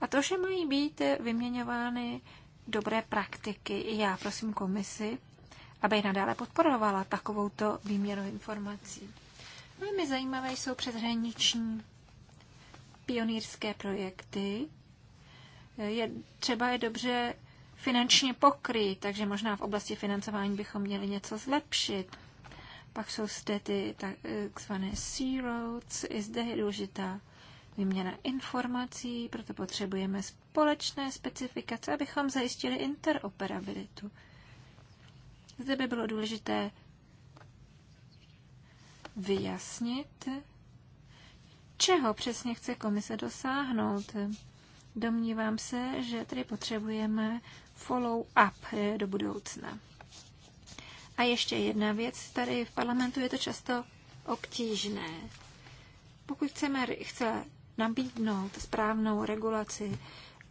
A to, že mají být vyměňovány dobré praktiky, i já prosím komisi, aby i nadále podporovala takovouto výměnu informací. Velmi zajímavé jsou přeshraniční pionýrské projekty. Je třeba je dobře finančně pokryt, takže možná v oblasti financování bychom měli něco zlepšit. Pak jsou zde ty takzvané Sea Roads, i zde je důležitá výměna informací, proto potřebujeme společné specifikace, abychom zajistili interoperabilitu. Zde by bylo důležité vyjasnit, Čeho přesně chce komise dosáhnout? Domnívám se, že tady potřebujeme follow-up eh, do budoucna. A ještě jedna věc, tady v parlamentu je to často obtížné. Pokud chceme, chce nabídnout správnou regulaci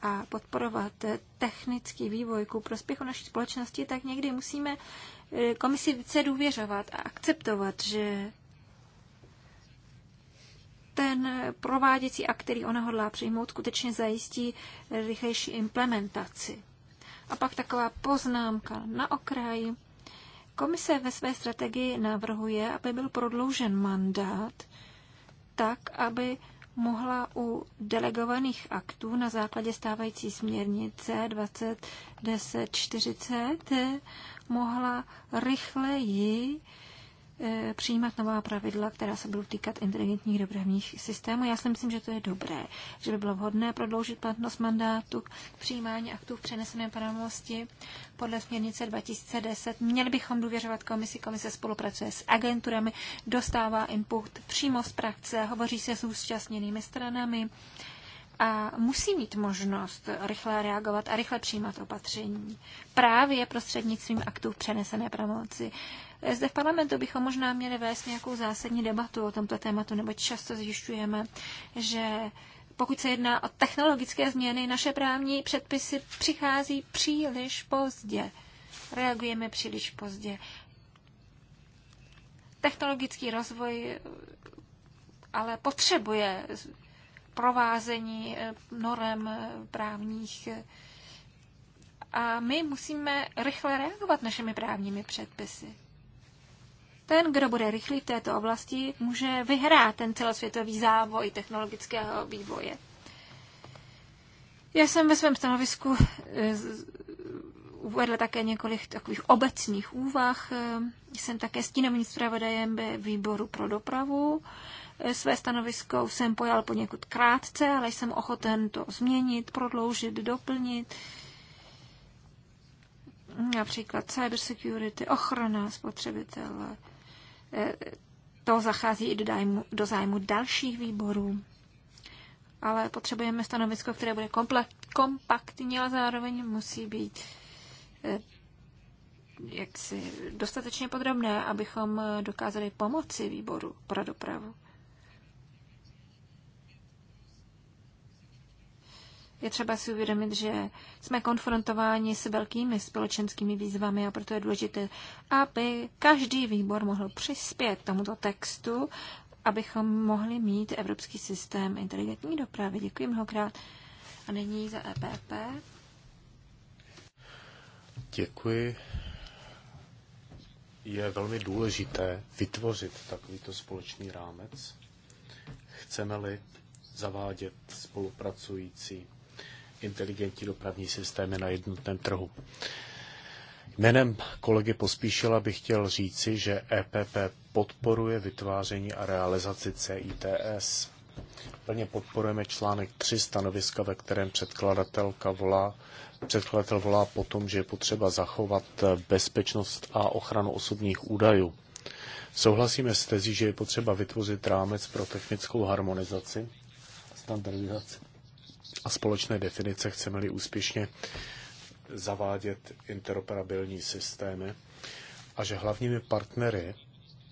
a podporovat eh, technický vývoj ku prospěchu naší společnosti, tak někdy musíme eh, komisi více důvěřovat a akceptovat, že ten prováděcí akt, který ona hodlá přijmout, skutečně zajistí rychlejší implementaci. A pak taková poznámka na okraji. Komise ve své strategii navrhuje, aby byl prodloužen mandát tak, aby mohla u delegovaných aktů na základě stávající směrnice 201040 mohla rychleji Eh, přijímat nová pravidla, která se budou týkat inteligentních dopravních systémů. Já si myslím, že to je dobré, že by bylo vhodné prodloužit platnost mandátu k přijímání aktů v přenesené pravomosti podle směrnice 2010. Měli bychom důvěřovat komisi, komise spolupracuje s agenturami, dostává input přímo z praxe, hovoří se s účastněnými stranami a musí mít možnost rychle reagovat a rychle přijímat opatření. Právě prostřednictvím aktů v přenesené pravomoci. Zde v parlamentu bychom možná měli vést nějakou zásadní debatu o tomto tématu, nebo často zjišťujeme, že pokud se jedná o technologické změny, naše právní předpisy přichází příliš pozdě. Reagujeme příliš pozdě. Technologický rozvoj eh, ale potřebuje provázení eh, norem eh, právních. A my musíme rychle reagovat našimi právními předpisy. Ten, kdo bude rychlý v této oblasti, může vyhrát ten celosvětový závoj technologického vývoje. Já jsem ve svém stanovisku eh, uvedla také několik takových obecných úvah. Eh, jsem také stínovým zpravodajem ve výboru pro dopravu. Eh, své stanovisko jsem pojal poněkud krátce, ale jsem ochoten to změnit, prodloužit, doplnit. Například cybersecurity, ochrana spotřebitele, to zachází i do, dájmu, do zájmu dalších výborů. Ale potřebujeme stanovisko, které bude kompaktní, ale zároveň musí být eh, jaksi dostatečně podrobné, abychom eh, dokázali pomoci výboru pro dopravu. je třeba si uvědomit, že jsme konfrontováni s velkými společenskými výzvami a proto je důležité, aby každý výbor mohl přispět tomuto textu, abychom mohli mít evropský systém inteligentní dopravy. Děkuji mnohokrát. A nyní za EPP. Děkuji. Je velmi důležité vytvořit takovýto společný rámec. Chceme-li zavádět spolupracující inteligentní dopravní systémy na jednotném trhu. Jménem kolegy Pospíšila bych chtěl říci, že EPP podporuje vytváření a realizaci CITS. Plně podporujeme článek 3 stanoviska, ve kterém předkladatelka volá, předkladatel volá po tom, že je potřeba zachovat bezpečnost a ochranu osobních údajů. Souhlasíme s tezí, že je potřeba vytvořit rámec pro technickou harmonizaci a standardizaci a společné definice, chceme-li úspěšně zavádět interoperabilní systémy a že hlavními partnery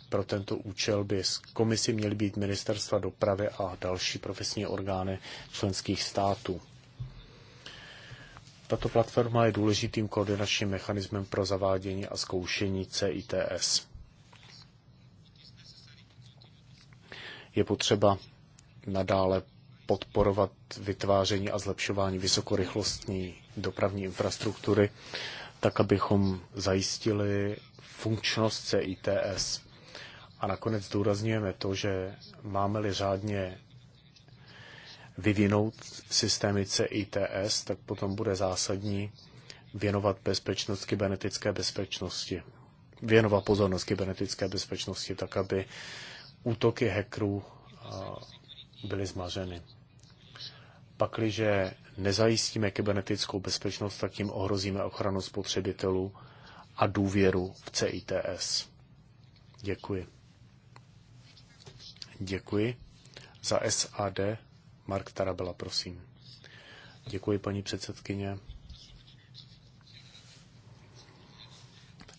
pro tento účel by z komisí měly být ministerstva dopravy a další profesní orgány členských států. Tato platforma je důležitým koordinačním mechanismem pro zavádění a zkoušení CITS. Je potřeba nadále podporovat vytváření a zlepšování vysokorychlostní dopravní infrastruktury, tak abychom zajistili funkčnost CITS. A nakonec zdůrazňujeme to, že máme-li řádně vyvinout systémy CITS, tak potom bude zásadní věnovat bezpečnost kybernetické bezpečnosti. Věnovat pozornost kybernetické bezpečnosti, tak aby útoky hackerů byly zmařeny. Pakliže nezajistíme kybernetickou bezpečnost, tak tím ohrozíme ochranu spotřebitelů a důvěru v CITS. Děkuji. Děkuji. Za SAD Mark Tarabela, prosím. Děkuji, paní předsedkyně.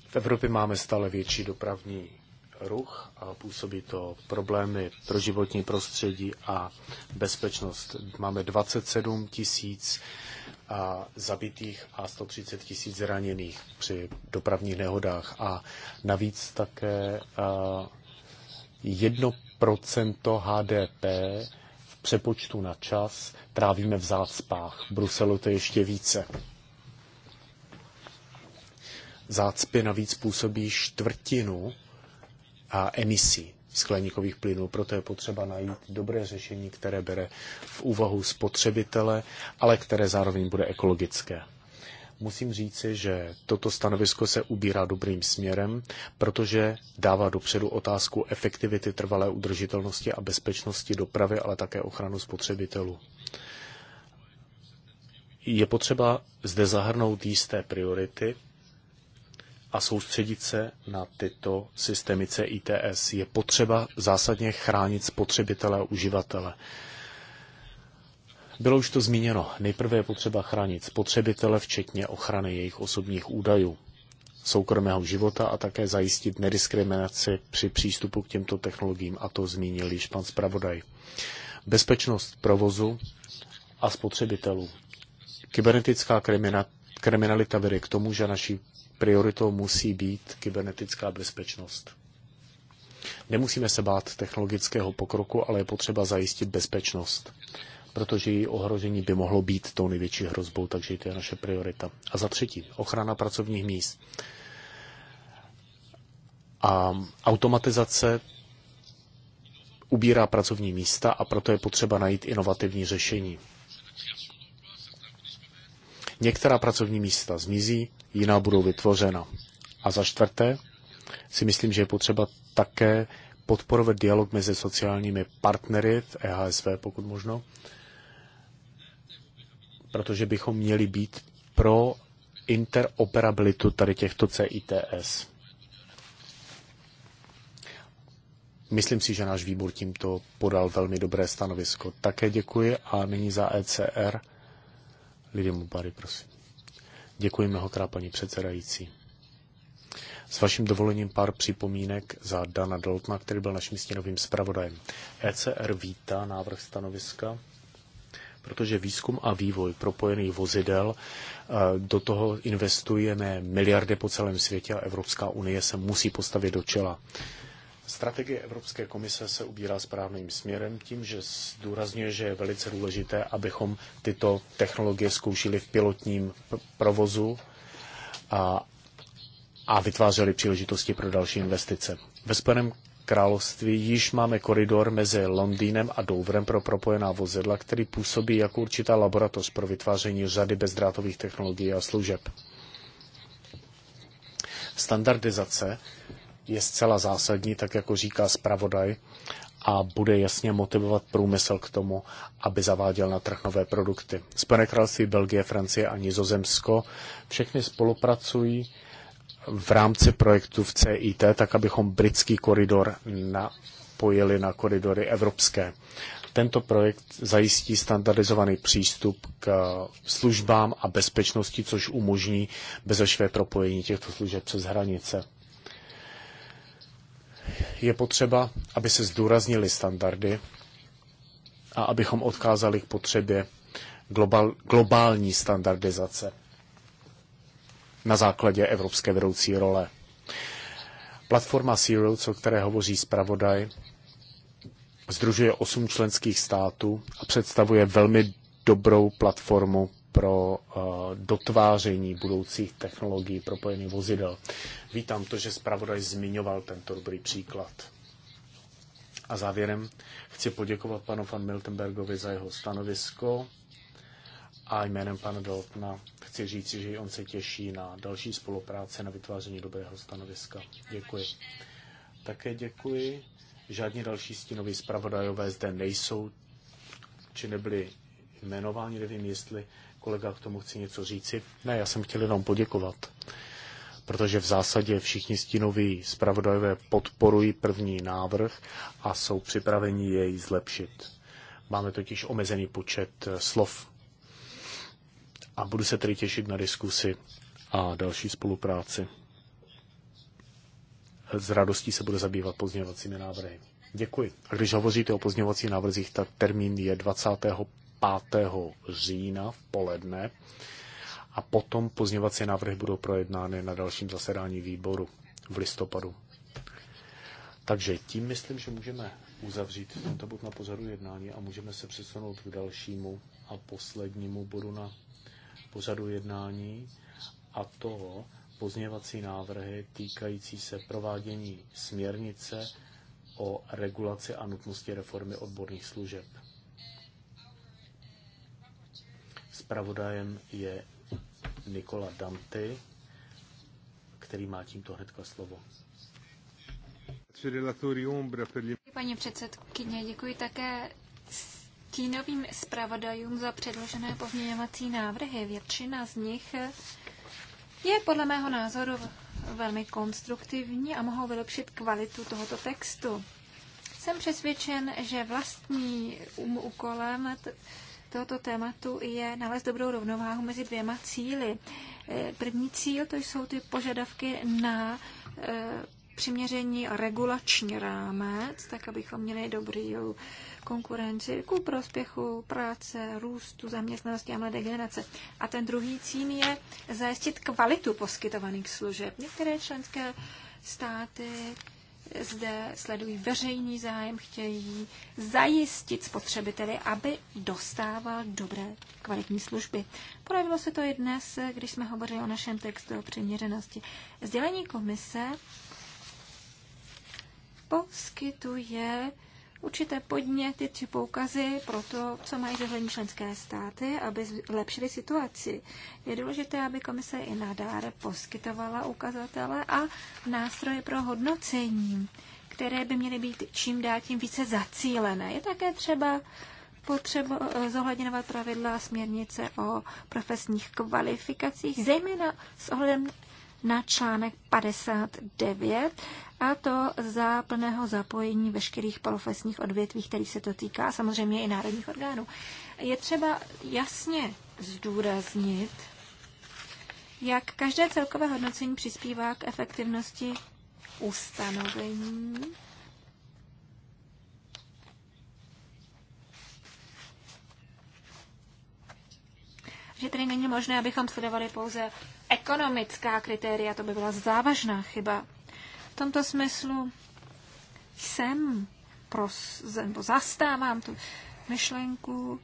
V Evropě máme stále větší dopravní ruch a působí to problémy pro životní prostředí a bezpečnost. Máme 27 tisíc zabitých a 130 tisíc zraněných při dopravních nehodách a navíc také jedno procento HDP v přepočtu na čas trávíme v zácpách. V Bruselu to ještě více. Zácpy navíc působí čtvrtinu a emisí skleníkových plynů. Proto je potřeba najít dobré řešení, které bere v úvahu spotřebitele, ale které zároveň bude ekologické. Musím říci, že toto stanovisko se ubírá dobrým směrem, protože dává dopředu otázku efektivity trvalé udržitelnosti a bezpečnosti dopravy, ale také ochranu spotřebitelů. Je potřeba zde zahrnout jisté priority, a soustředit se na tyto systémy CITS. Je potřeba zásadně chránit spotřebitele a uživatele. Bylo už to zmíněno. Nejprve je potřeba chránit spotřebitele, včetně ochrany jejich osobních údajů, soukromého života a také zajistit nediskriminaci při přístupu k těmto technologiím, a to zmínil již pan zpravodaj. Bezpečnost provozu a spotřebitelů. Kybernetická kriminalita vede k tomu, že naši prioritou musí být kybernetická bezpečnost. Nemusíme se bát technologického pokroku, ale je potřeba zajistit bezpečnost, protože její ohrožení by mohlo být tou největší hrozbou, takže to je naše priorita. A za třetí, ochrana pracovních míst. A automatizace ubírá pracovní místa a proto je potřeba najít inovativní řešení. Některá pracovní místa zmizí, jiná budou vytvořena. A za čtvrté si myslím, že je potřeba také podporovat dialog mezi sociálními partnery v EHSV, pokud možno, protože bychom měli být pro interoperabilitu tady těchto CITS. Myslím si, že náš výbor tímto podal velmi dobré stanovisko. Také děkuji a nyní za ECR. Lidé mu bary, prosím. Děkuji mnohokrát, paní předsedající. S vaším dovolením pár připomínek za Dana Doltna, který byl naším stěnovým zpravodajem. ECR vítá návrh stanoviska, protože výzkum a vývoj propojených vozidel, eh, do toho investujeme miliardy po celém světě a Evropská unie se musí postavit do čela. Strategie Evropské komise se ubírá správným směrem tím, že zdůrazňuje, že je velice důležité, abychom tyto technologie zkoušeli v pilotním provozu a, a vytvářeli příležitosti pro další investice. Ve Spojeném království již máme koridor mezi Londýnem a Douvrem pro propojená vozidla, který působí jako určitá laboratoř pro vytváření řady bezdrátových technologií a služeb. Standardizace je zcela zásadní, tak jako říká zpravodaj, a bude jasně motivovat průmysl k tomu, aby zaváděl na trh nové produkty. Spojené království, Belgie, Francie a Nizozemsko všechny spolupracují v rámci projektu v CIT, tak abychom britský koridor napojili na koridory evropské. Tento projekt zajistí standardizovaný přístup k službám a bezpečnosti, což umožní bezešvé propojení těchto služeb přes hranice je potřeba, aby se zdůraznily standardy a abychom odkázali k potřebě global, globální standardizace na základě evropské vedoucí role. Platforma Zero, o které hovoří zpravodaj, združuje osm členských států a představuje velmi dobrou platformu pro eh, dotváření budoucích technologií propojených vozidel. Vítám to, že zpravodaj zmiňoval tento dobrý příklad. A závěrem chci poděkovat panu van Miltenbergovi za jeho stanovisko a jménem pana Daltna chci říct, že on se těší na další spolupráce na vytváření dobrého stanoviska. Děkuji. Také děkuji. Žádní další stínoví zpravodajové zde nejsou, či nebyli jmenováni, nevím, jestli kolega k tomu chce něco říci. Ne, já jsem chtěl jenom poděkovat, protože v zásadě všichni stínoví zpravodajové podporují první návrh a jsou připraveni jej zlepšit. Máme totiž omezený počet eh, slov. A budu se tedy těšit na diskusi a další spolupráci. S radostí se budu zabývat pozměňovacími návrhy. Děkuji. A když hovoříte o pozměňovacích návrzích, tak termín je 20. 5. října v poledne a potom pozněvací návrhy budou projednány na dalším zasedání výboru v listopadu. Takže tím myslím, že můžeme uzavřít tento bod na pozadu jednání a můžeme se přesunout k dalšímu a poslednímu bodu na pořadu jednání a to pozněvací návrhy týkající se provádění směrnice o regulaci a nutnosti reformy odborných služeb. Spravodajem je Nikola Dante, který má tímto hnedka slovo. Paní předsedkyně, děkuji také stínovým zpravodajům za předložené pozměňovací návrhy. Většina z nich je podle mého názoru velmi konstruktivní a mohou vylepšit kvalitu tohoto textu. Jsem přesvědčen, že vlastní um úkolem tohoto tématu je nalézt dobrou rovnováhu mezi dvěma cíly. Eh, první cíl to jsou ty požadavky na eh, přiměření regulační rámec, tak abychom měli dobrý konkurenci ku prospěchu práce, růstu, zaměstnanosti a mladé generace. A ten druhý cíl je zajistit kvalitu poskytovaných služeb. Některé členské státy zde sledují veřejný zájem, chtějí zajistit spotřebiteli, aby dostával dobré kvalitní služby. Projevilo se to i dnes, když jsme hovořili o našem textu o přiměřenosti. Sdělení komise poskytuje určité podněty či poukazy pro to, co mají zahraniční členské státy, aby zlepšili situaci. Je důležité, aby komise i nadále poskytovala ukazatele a nástroje pro hodnocení, které by měly být čím dál tím více zacílené. Je také třeba potřeba eh, zohledňovat pravidla a směrnice o profesních kvalifikacích, zejména s ohledem na článek 59 a to za plného zapojení veškerých profesních odvětví, který se to týká, samozřejmě i národních orgánů. Je třeba jasně zdůraznit, jak každé celkové hodnocení přispívá k efektivnosti ustanovení že tedy není možné, abychom sledovali pouze ekonomická kritéria, to by byla závažná chyba. V tomto smyslu jsem pro, nebo zastávám tu myšlenku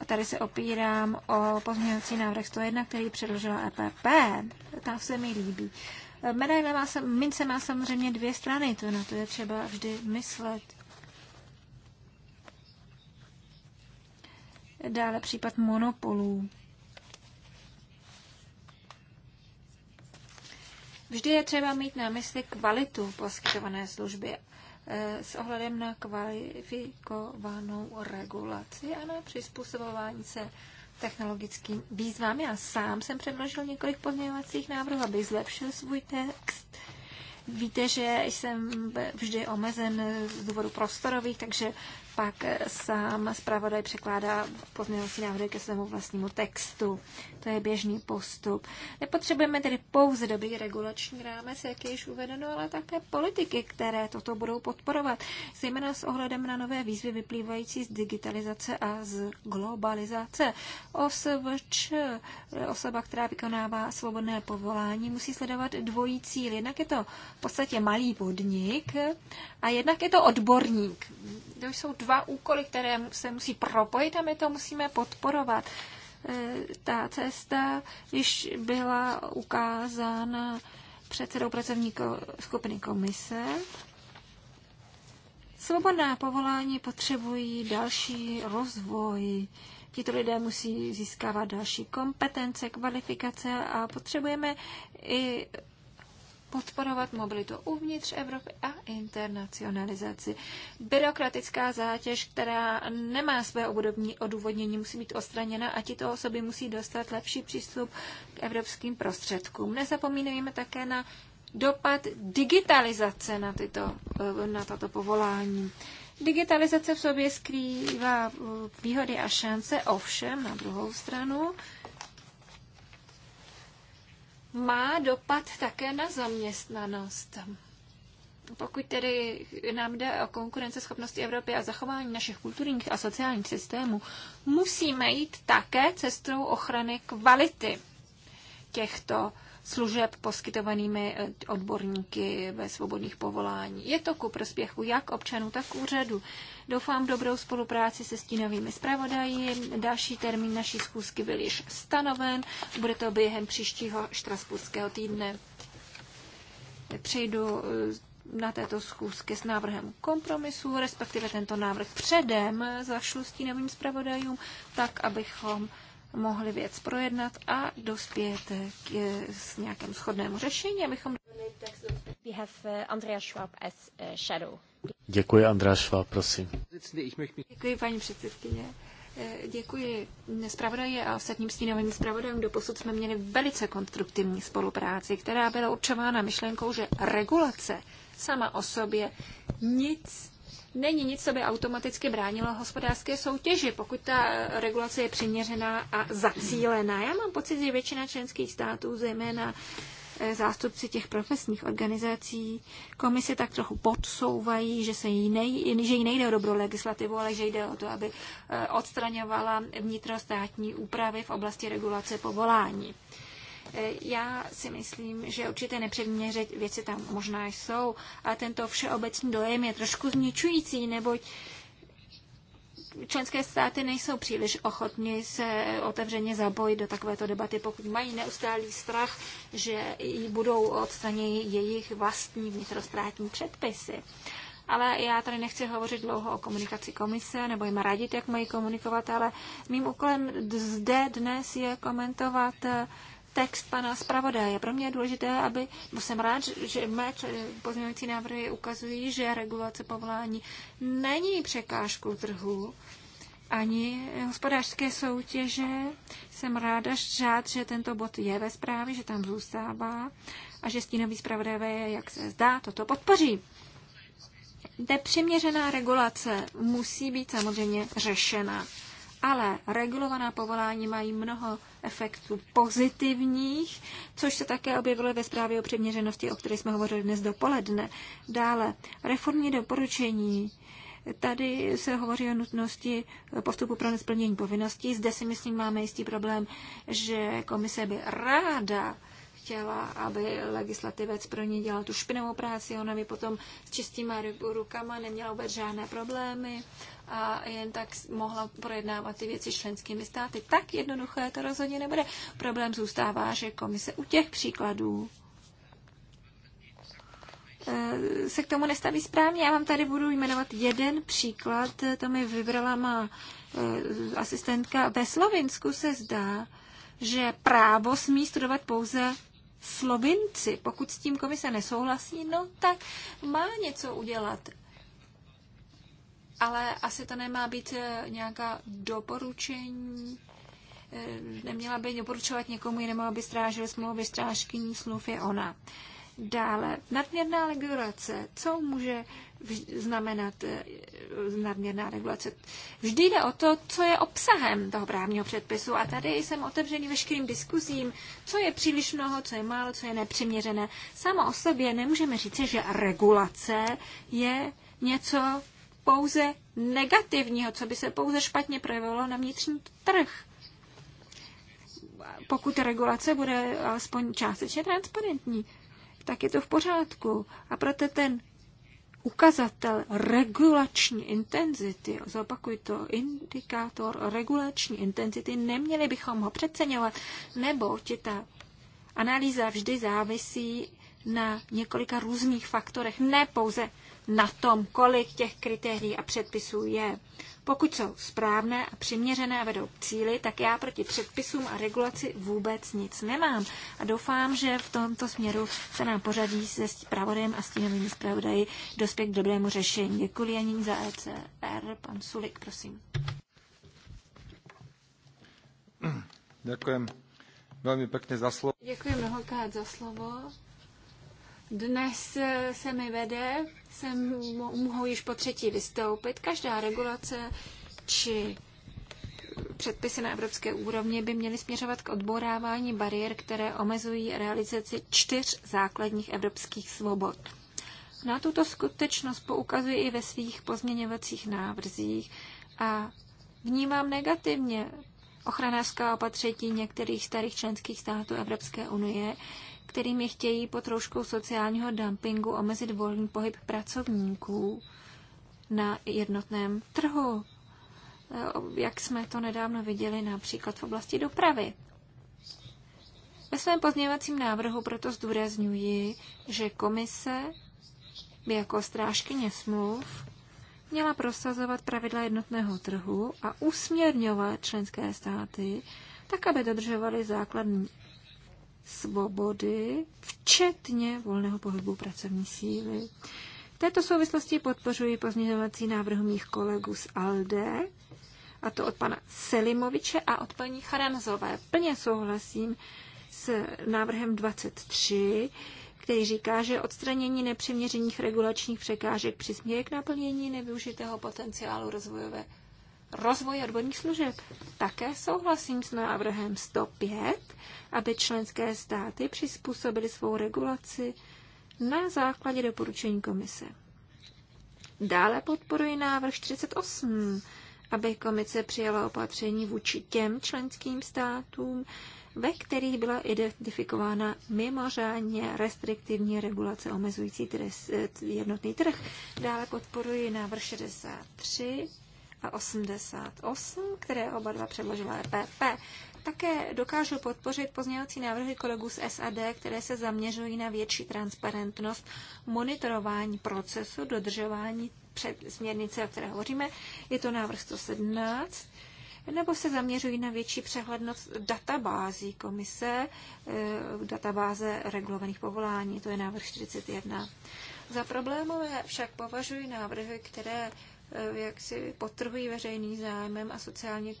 a tady se opírám o pozměňovací návrh 101, který předložila EPP. Tam se mi líbí. Medaile má, mince má samozřejmě dvě strany, to na to je třeba vždy myslet. Dále případ monopolů. Vždy je třeba mít na mysli kvalitu poskytované služby eh, s ohledem na kvalifikovanou regulaci a na přizpůsobování se technologickým výzvám. Já sám jsem předložil několik pozměňovacích návrhů, aby zlepšil svůj text. Víte, že jsem vždy omezen z důvodu prostorových, takže pak eh, sám zpravodaj překládá pozměňovací návrhy ke svému vlastnímu textu. To je běžný postup. Nepotřebujeme tedy pouze dobrý regulační rámec, jak je již uvedeno, ale také politiky, které toto budou podporovat, zejména s ohledem na nové výzvy vyplývající z digitalizace a z globalizace. OSVČ, eh, osoba, která vykonává svobodné povolání, musí sledovat dvojí cíl. Jednak je to v podstatě malý podnik a jednak je to odborník. To jsou dva úkoly, které se musí propojit a my to musíme podporovat. E, ta cesta již byla ukázána předsedou pracovní skupiny komise. Svobodná povolání potřebují další rozvoj. Tito lidé musí získávat další kompetence, kvalifikace a potřebujeme i podporovat mobilitu uvnitř Evropy a internacionalizaci. Byrokratická zátěž, která nemá své obdobní odůvodnění, musí být odstraněna a tito osoby musí dostat lepší přístup k evropským prostředkům. Nezapomínejme také na dopad digitalizace na, tyto, na toto povolání. Digitalizace v sobě skrývá uh, výhody a šance, ovšem na druhou stranu má dopad také na zaměstnanost. Pokud tedy nám jde o konkurenceschopnosti Evropy a zachování našich kulturních a sociálních systémů, musíme jít také cestou ochrany kvality těchto služeb poskytovanými eh, odborníky ve svobodných povolání. Je to ku prospěchu jak občanů, tak úřadu. Doufám dobrou spolupráci se stínovými zpravodaji. Další termín naší schůzky byl již stanoven. Bude to během příštího štrasburského týdne. Přejdu eh, na této schůzky s návrhem kompromisu, respektive tento návrh předem zašlu stínovým zpravodajům, tak abychom mohli věc projednat a dospět k, eh, s nějakým shodnému řešení, abychom... We have eh, Andreas Schwab as eh, shadow. Děkuji, Andreas Schwab, prosím. Děkuji, paní předsedkyně. Děkuji zpravodaji a ostatním stínovým zpravodajům. Doposud jsme měli velice konstruktivní spolupráci, která byla určována myšlenkou, že regulace sama o sobě nic není nic, co by automaticky bránilo hospodářské soutěži, pokud ta regulace je přiměřená a zacílená. Já mám pocit, že většina členských států, zejména eh, zástupci těch profesních organizací komise tak trochu podsouvají, že, se jí nej, že jí nejde o dobrou legislativu, ale že jde o to, aby eh, odstraňovala vnitrostátní úpravy v oblasti regulace povolání. E, já si myslím, že určité nepředměře věci tam možná jsou, ale tento všeobecný dojem je trošku zničující, neboť členské státy nejsou příliš ochotní se otevřeně zapojit do takovéto debaty, pokud mají neustálý strach, že budou odstranit jejich vlastní vnitrostátní předpisy. Ale já tady nechci hovořit dlouho o komunikaci komise, nebo jim radit, jak mají komunikovat, ale mým úkolem zde dnes je komentovat text pana zpravodaje. Pro mě je důležité, aby, no jsem rád, že mé pozměňující návrhy ukazují, že regulace povolání není překážkou trhu, ani hospodářské soutěže. Jsem ráda, řád, že tento bod je ve zprávě, že tam zůstává a že stínový zpravodajové, jak se zdá, toto podpoří. Nepřiměřená regulace musí být samozřejmě řešena. Ale regulovaná povolání mají mnoho efektů pozitivních, což se také objevilo ve zprávě o přeměřenosti, o které jsme hovořili dnes dopoledne. Dále, reformní doporučení. Tady se hovoří o nutnosti postupu pro nesplnění povinností. Zde si myslím, máme jistý problém, že komise by ráda chtěla, aby legislativec pro ní dělal tu špinavou práci, ona by potom s čistýma rukama neměla vůbec žádné problémy a jen tak mohla projednávat ty věci členskými státy. Tak jednoduché to rozhodně nebude. Problém zůstává, že komise u těch příkladů eh, se k tomu nestaví správně. Já vám tady budu jmenovat jeden příklad, to mi vybrala má eh, asistentka. Ve Slovinsku se zdá, že právo smí studovat pouze Slovinci. Pokud s tím komise nesouhlasí, no tak má něco udělat ale asi to nemá být eh, nějaká doporučení, eh, neměla by doporučovat někomu jinému, aby strážil smlouvy, strážkyní smluv je ona. Dále, nadměrná regulace. Co může znamenat eh, nadměrná regulace? Vždy jde o to, co je obsahem toho právního předpisu. A tady jsem otevřený veškerým diskuzím, co je příliš mnoho, co je málo, co je nepřiměřené. Samo o sobě nemůžeme říci, že regulace je něco pouze negativního, co by se pouze špatně projevilo na vnitřní trh. Pokud regulace bude alespoň částečně transparentní, tak je to v pořádku. A proto ten ukazatel regulační intenzity, zopakuj to, indikátor regulační intenzity, neměli bychom ho přeceňovat, nebo ta analýza vždy závisí na několika různých faktorech, ne pouze na tom, kolik těch kritérií a předpisů je. Pokud jsou správné a přiměřené a vedou k cíli, tak já proti předpisům a regulaci vůbec nic nemám. A doufám, že v tomto směru se nám pořadí se zpravodajem a s novým zpravodaji dospět k dobrému řešení. Děkuji Janín za ECR. Pan Sulik, prosím. Děkuji hm, velmi pěkně za slovo. Děkuji mnohokrát za slovo. Dnes eh, se mi vede, jsem, mohu již po třetí vystoupit. Každá regulace či předpisy na evropské úrovni by měly směřovat k odborávání bariér, které omezují realizaci čtyř základních evropských svobod. Na tuto skutečnost poukazuji i ve svých pozměňovacích návrzích a vnímám negativně ochranářská opatření některých starých členských států Evropské unie, kterými chtějí po trošku sociálního dumpingu omezit volný pohyb pracovníků na jednotném trhu, e, jak jsme to nedávno viděli například v oblasti dopravy. Ve svém pozměňovacím návrhu proto zdůrazňuji, že komise by jako strážkyně smluv měla prosazovat pravidla jednotného trhu a usměrňovat členské státy tak, aby dodržovaly základní svobody, včetně volného pohybu pracovní síly. V této souvislosti podpořuji pozměňovací návrh mých kolegů z ALDE, a to od pana Selimoviče a od paní Charanzové. Plně souhlasím s návrhem 23, který říká, že odstranění nepřiměřených regulačních překážek přispěje k naplnění nevyužitého potenciálu rozvojové Rozvoj odborných služeb. Také souhlasím s návrhem 105, aby členské státy přizpůsobily svou regulaci na základě doporučení komise. Dále podporuji návrh 48, aby komise přijala opatření vůči těm členským státům, ve kterých byla identifikována mimořádně restriktivní regulace omezující eh, jednotný trh. Dále podporuji návrh 63, a 88, které oba dva předložila EPP. Také dokážu podpořit pozměňovací návrhy kolegů z SAD, které se zaměřují na větší transparentnost, monitorování procesu, dodržování před směrnice, o které hovoříme. Je to návrh 117 nebo se zaměřují na větší přehlednost databází komise, eh, databáze regulovaných povolání, to je návrh 41. Za problémové však považuji návrhy, které Eh, jak si potrhují veřejný zájmem a sociální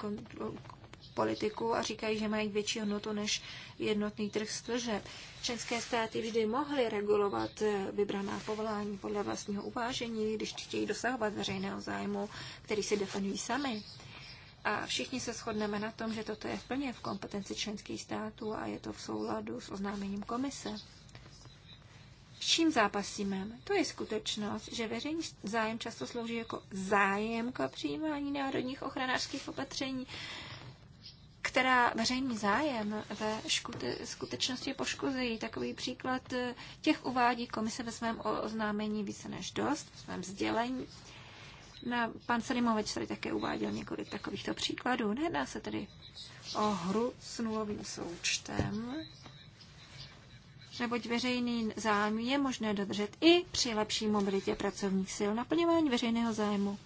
politiku a říkají, že mají větší hodnotu než jednotný trh služeb. Členské státy vždy mohly regulovat eh, vybraná povolání podle vlastního uvážení, když chtějí dosahovat veřejného zájmu, který si definují sami. A všichni se shodneme na tom, že toto je plně v kompetenci členských států a je to v souladu s oznámením komise. S čím zápasíme? To je skutečnost, že veřejný zájem často slouží jako zájem k přijímání národních ochranářských opatření, která veřejný zájem ve skutečnosti poškozují. Takový příklad eh, těch uvádí komise ve svém oznámení více než dost, ve svém sdělení. Na, pan Selimovič tady také uváděl několik takovýchto příkladů. Nejedná se tedy o hru s nulovým součtem, neboť veřejný zájem je možné dodržet i při lepší mobilitě pracovních sil. Naplňování veřejného zájmu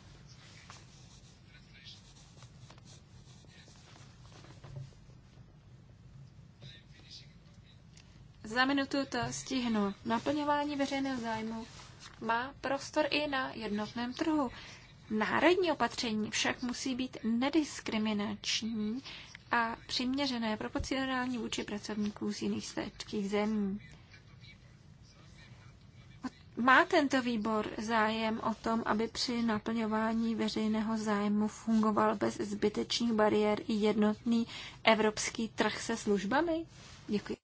Za minutu to stihnu. Naplňování veřejného zájmu má prostor i na jednotném trhu. Národní opatření však musí být nediskriminační a přiměřené proporcionální vůči pracovníků z jiných světských zemí. Má tento výbor zájem o tom, aby při naplňování veřejného zájmu fungoval bez zbytečných bariér i jednotný evropský trh se službami? Děkuji.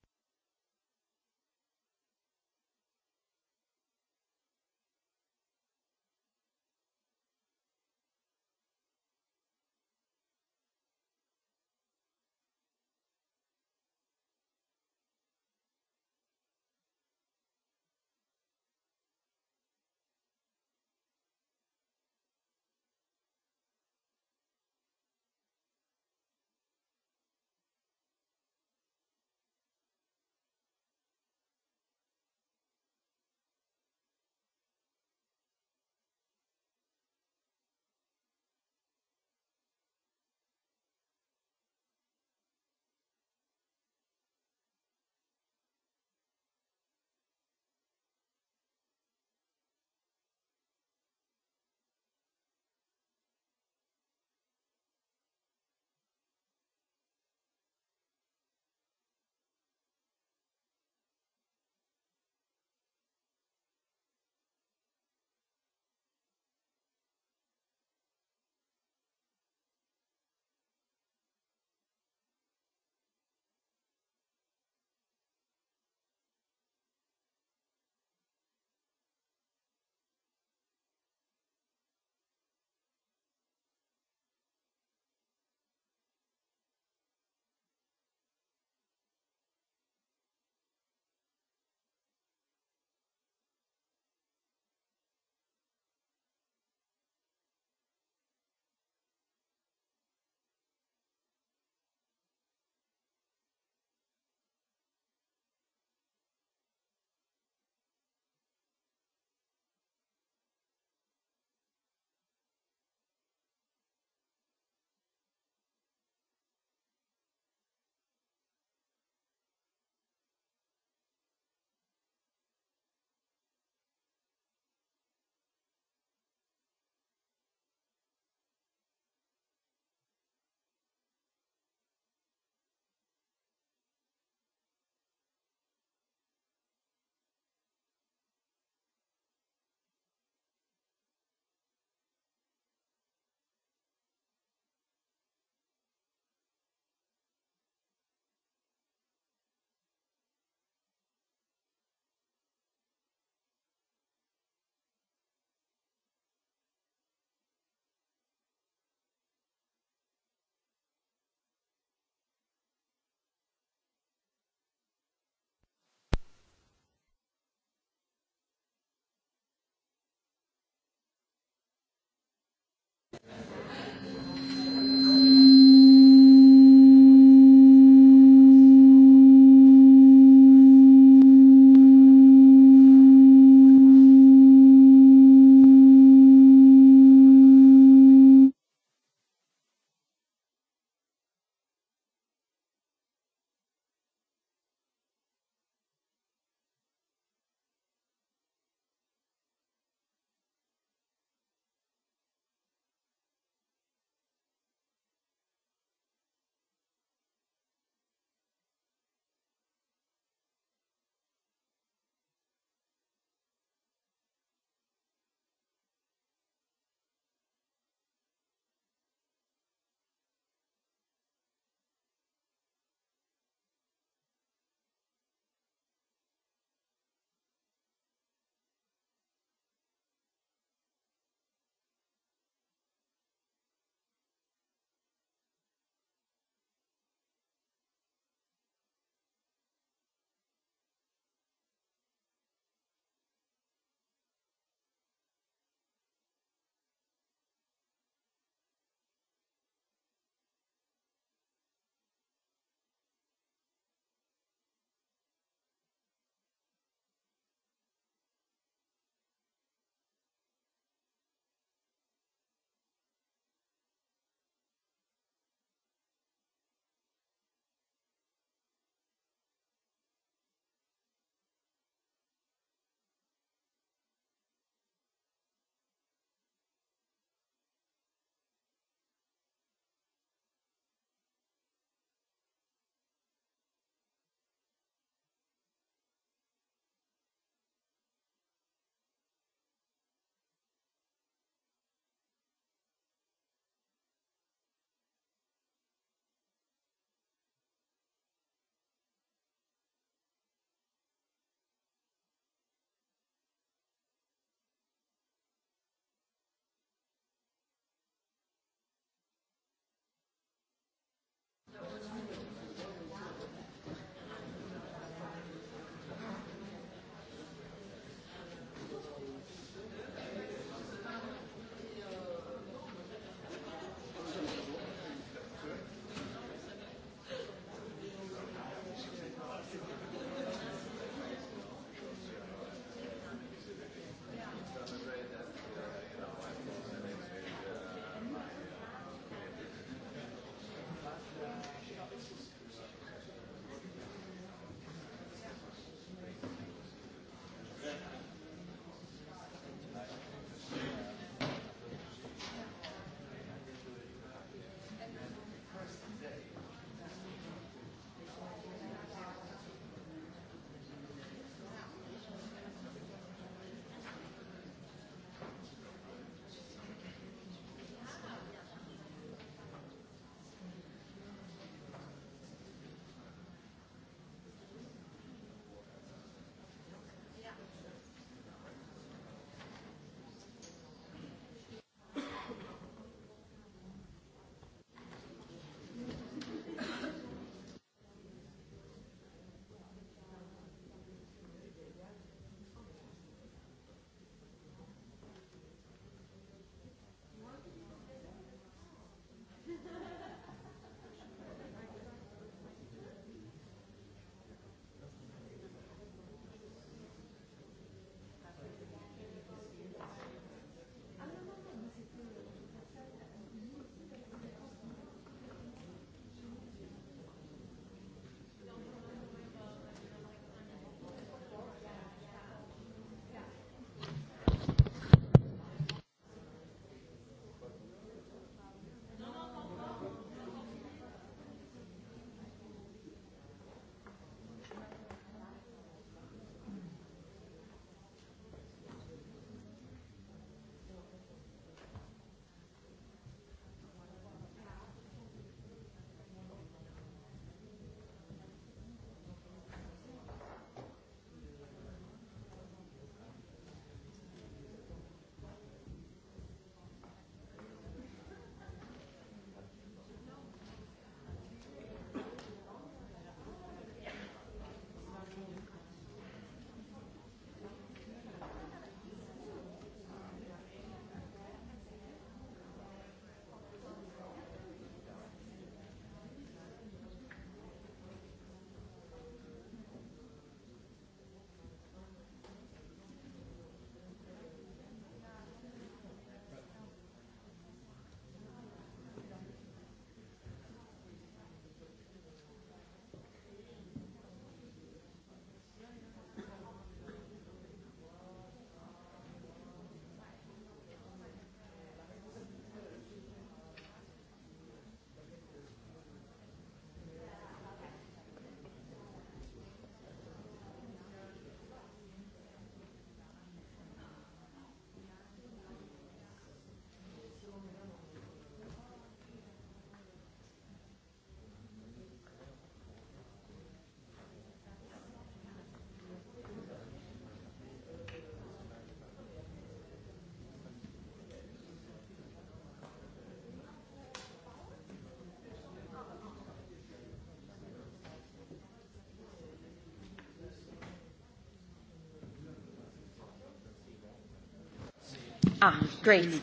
Ah, great.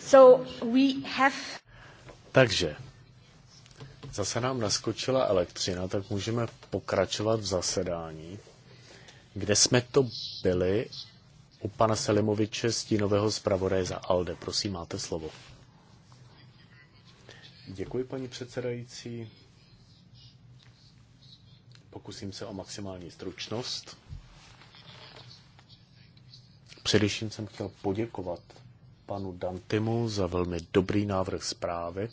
So we have... Takže, zase nám naskočila elektřina, tak můžeme pokračovat v zasedání, kde jsme to byli u pana Selimoviče, stínového zpravodaje za ALDE. Prosím, máte slovo. Děkuji, paní předsedající. Pokusím se o maximální stručnost. Především jsem chtěl poděkovat panu Dantimu za velmi dobrý návrh zprávy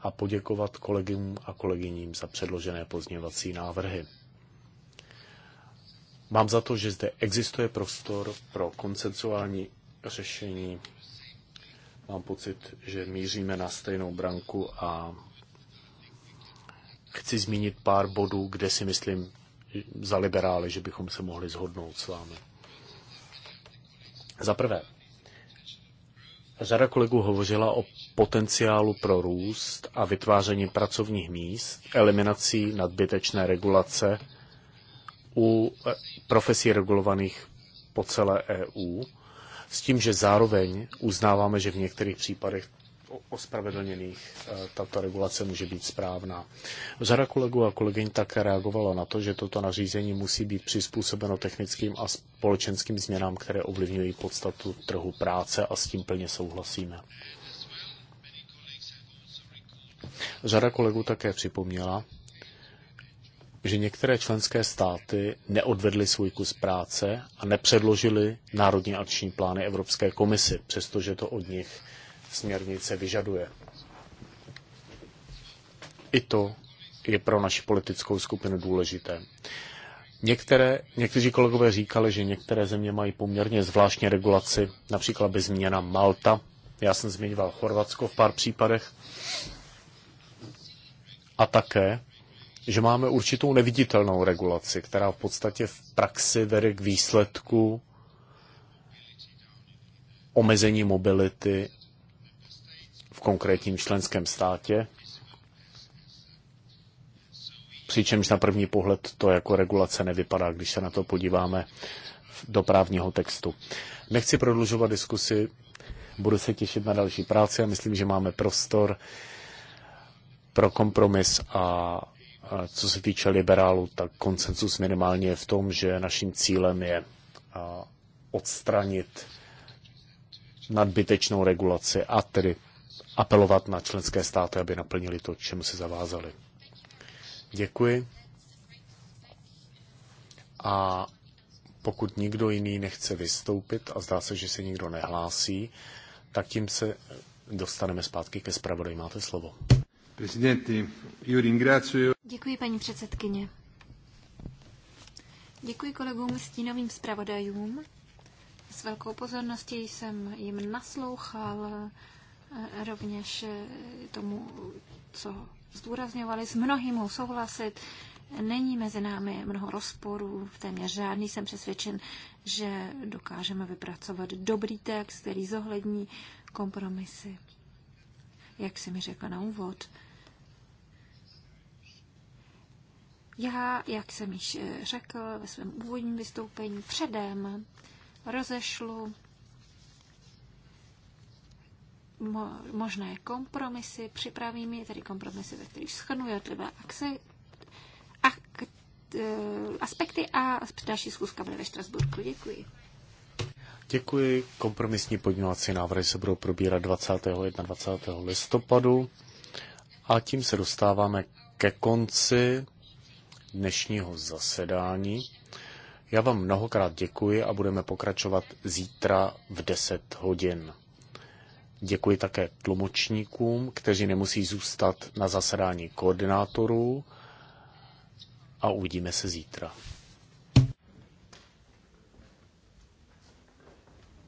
a poděkovat kolegům a kolegyním za předložené pozměňovací návrhy. Mám za to, že zde existuje prostor pro koncensuální řešení. Mám pocit, že míříme na stejnou branku a chci zmínit pár bodů, kde si myslím za liberály, že bychom se mohli zhodnout s vámi. Za prvé, řada kolegů hovořila o potenciálu pro růst a vytváření pracovních míst, eliminací nadbytečné regulace u eh, profesí regulovaných po celé EU, s tím, že zároveň uznáváme, že v některých případech ospravedlněných eh, tato regulace může být správná. Řada kolegů a kolegyň také reagovala na to, že toto nařízení musí být přizpůsobeno technickým a společenským změnám, které ovlivňují podstatu trhu práce a s tím plně souhlasíme. Řada kolegů také připomněla, že některé členské státy neodvedly svůj kus práce a nepředložily národní akční plány Evropské komisi, přestože to od nich směrnice vyžaduje. I to je pro naši politickou skupinu důležité. Některé, někteří kolegové říkali, že některé země mají poměrně zvláštní regulaci, například by změna Malta, já jsem zmiňoval Chorvatsko v pár případech, a také, že máme určitou neviditelnou regulaci, která v podstatě v praxi vede k výsledku omezení mobility v konkrétním členském státě, přičemž na první pohled to jako regulace nevypadá, když se na to podíváme do právního textu. Nechci prodlužovat diskusi, budu se těšit na další práci a myslím, že máme prostor pro kompromis a co se týče liberálu, tak koncensus minimálně je v tom, že naším cílem je odstranit nadbytečnou regulaci a tedy apelovat na členské státy, aby naplnili to, čemu se zavázali. Děkuji. A pokud nikdo jiný nechce vystoupit a zdá se, že se nikdo nehlásí, tak tím se dostaneme zpátky ke zpravodaji. Máte slovo. Děkuji, paní předsedkyně. Děkuji kolegům stínovým zpravodajům. S velkou pozorností jsem jim naslouchal, rovněž eh, tomu, co zdůrazňovali, s mnohým mohu souhlasit. Není mezi námi mnoho rozporů, téměř žádný. Jsem přesvědčen, že dokážeme vypracovat dobrý text, který zohlední kompromisy. Jak se mi řekla na úvod, Já, jak jsem již eh, řekl ve svém úvodním vystoupení, předem rozešlu mo- možné kompromisy, připravím je, tedy kompromisy, ve kterých schrnu jednotlivé akce, ak- e, aspekty a další zkuska bude ve Štrasburku. Děkuji. Děkuji. Kompromisní podněvací návrhy se budou probírat 20. 21. listopadu. A tím se dostáváme ke konci dnešního zasedání. Já vám mnohokrát děkuji a budeme pokračovat zítra v 10 hodin. Děkuji také tlumočníkům, kteří nemusí zůstat na zasedání koordinátorů a uvidíme se zítra.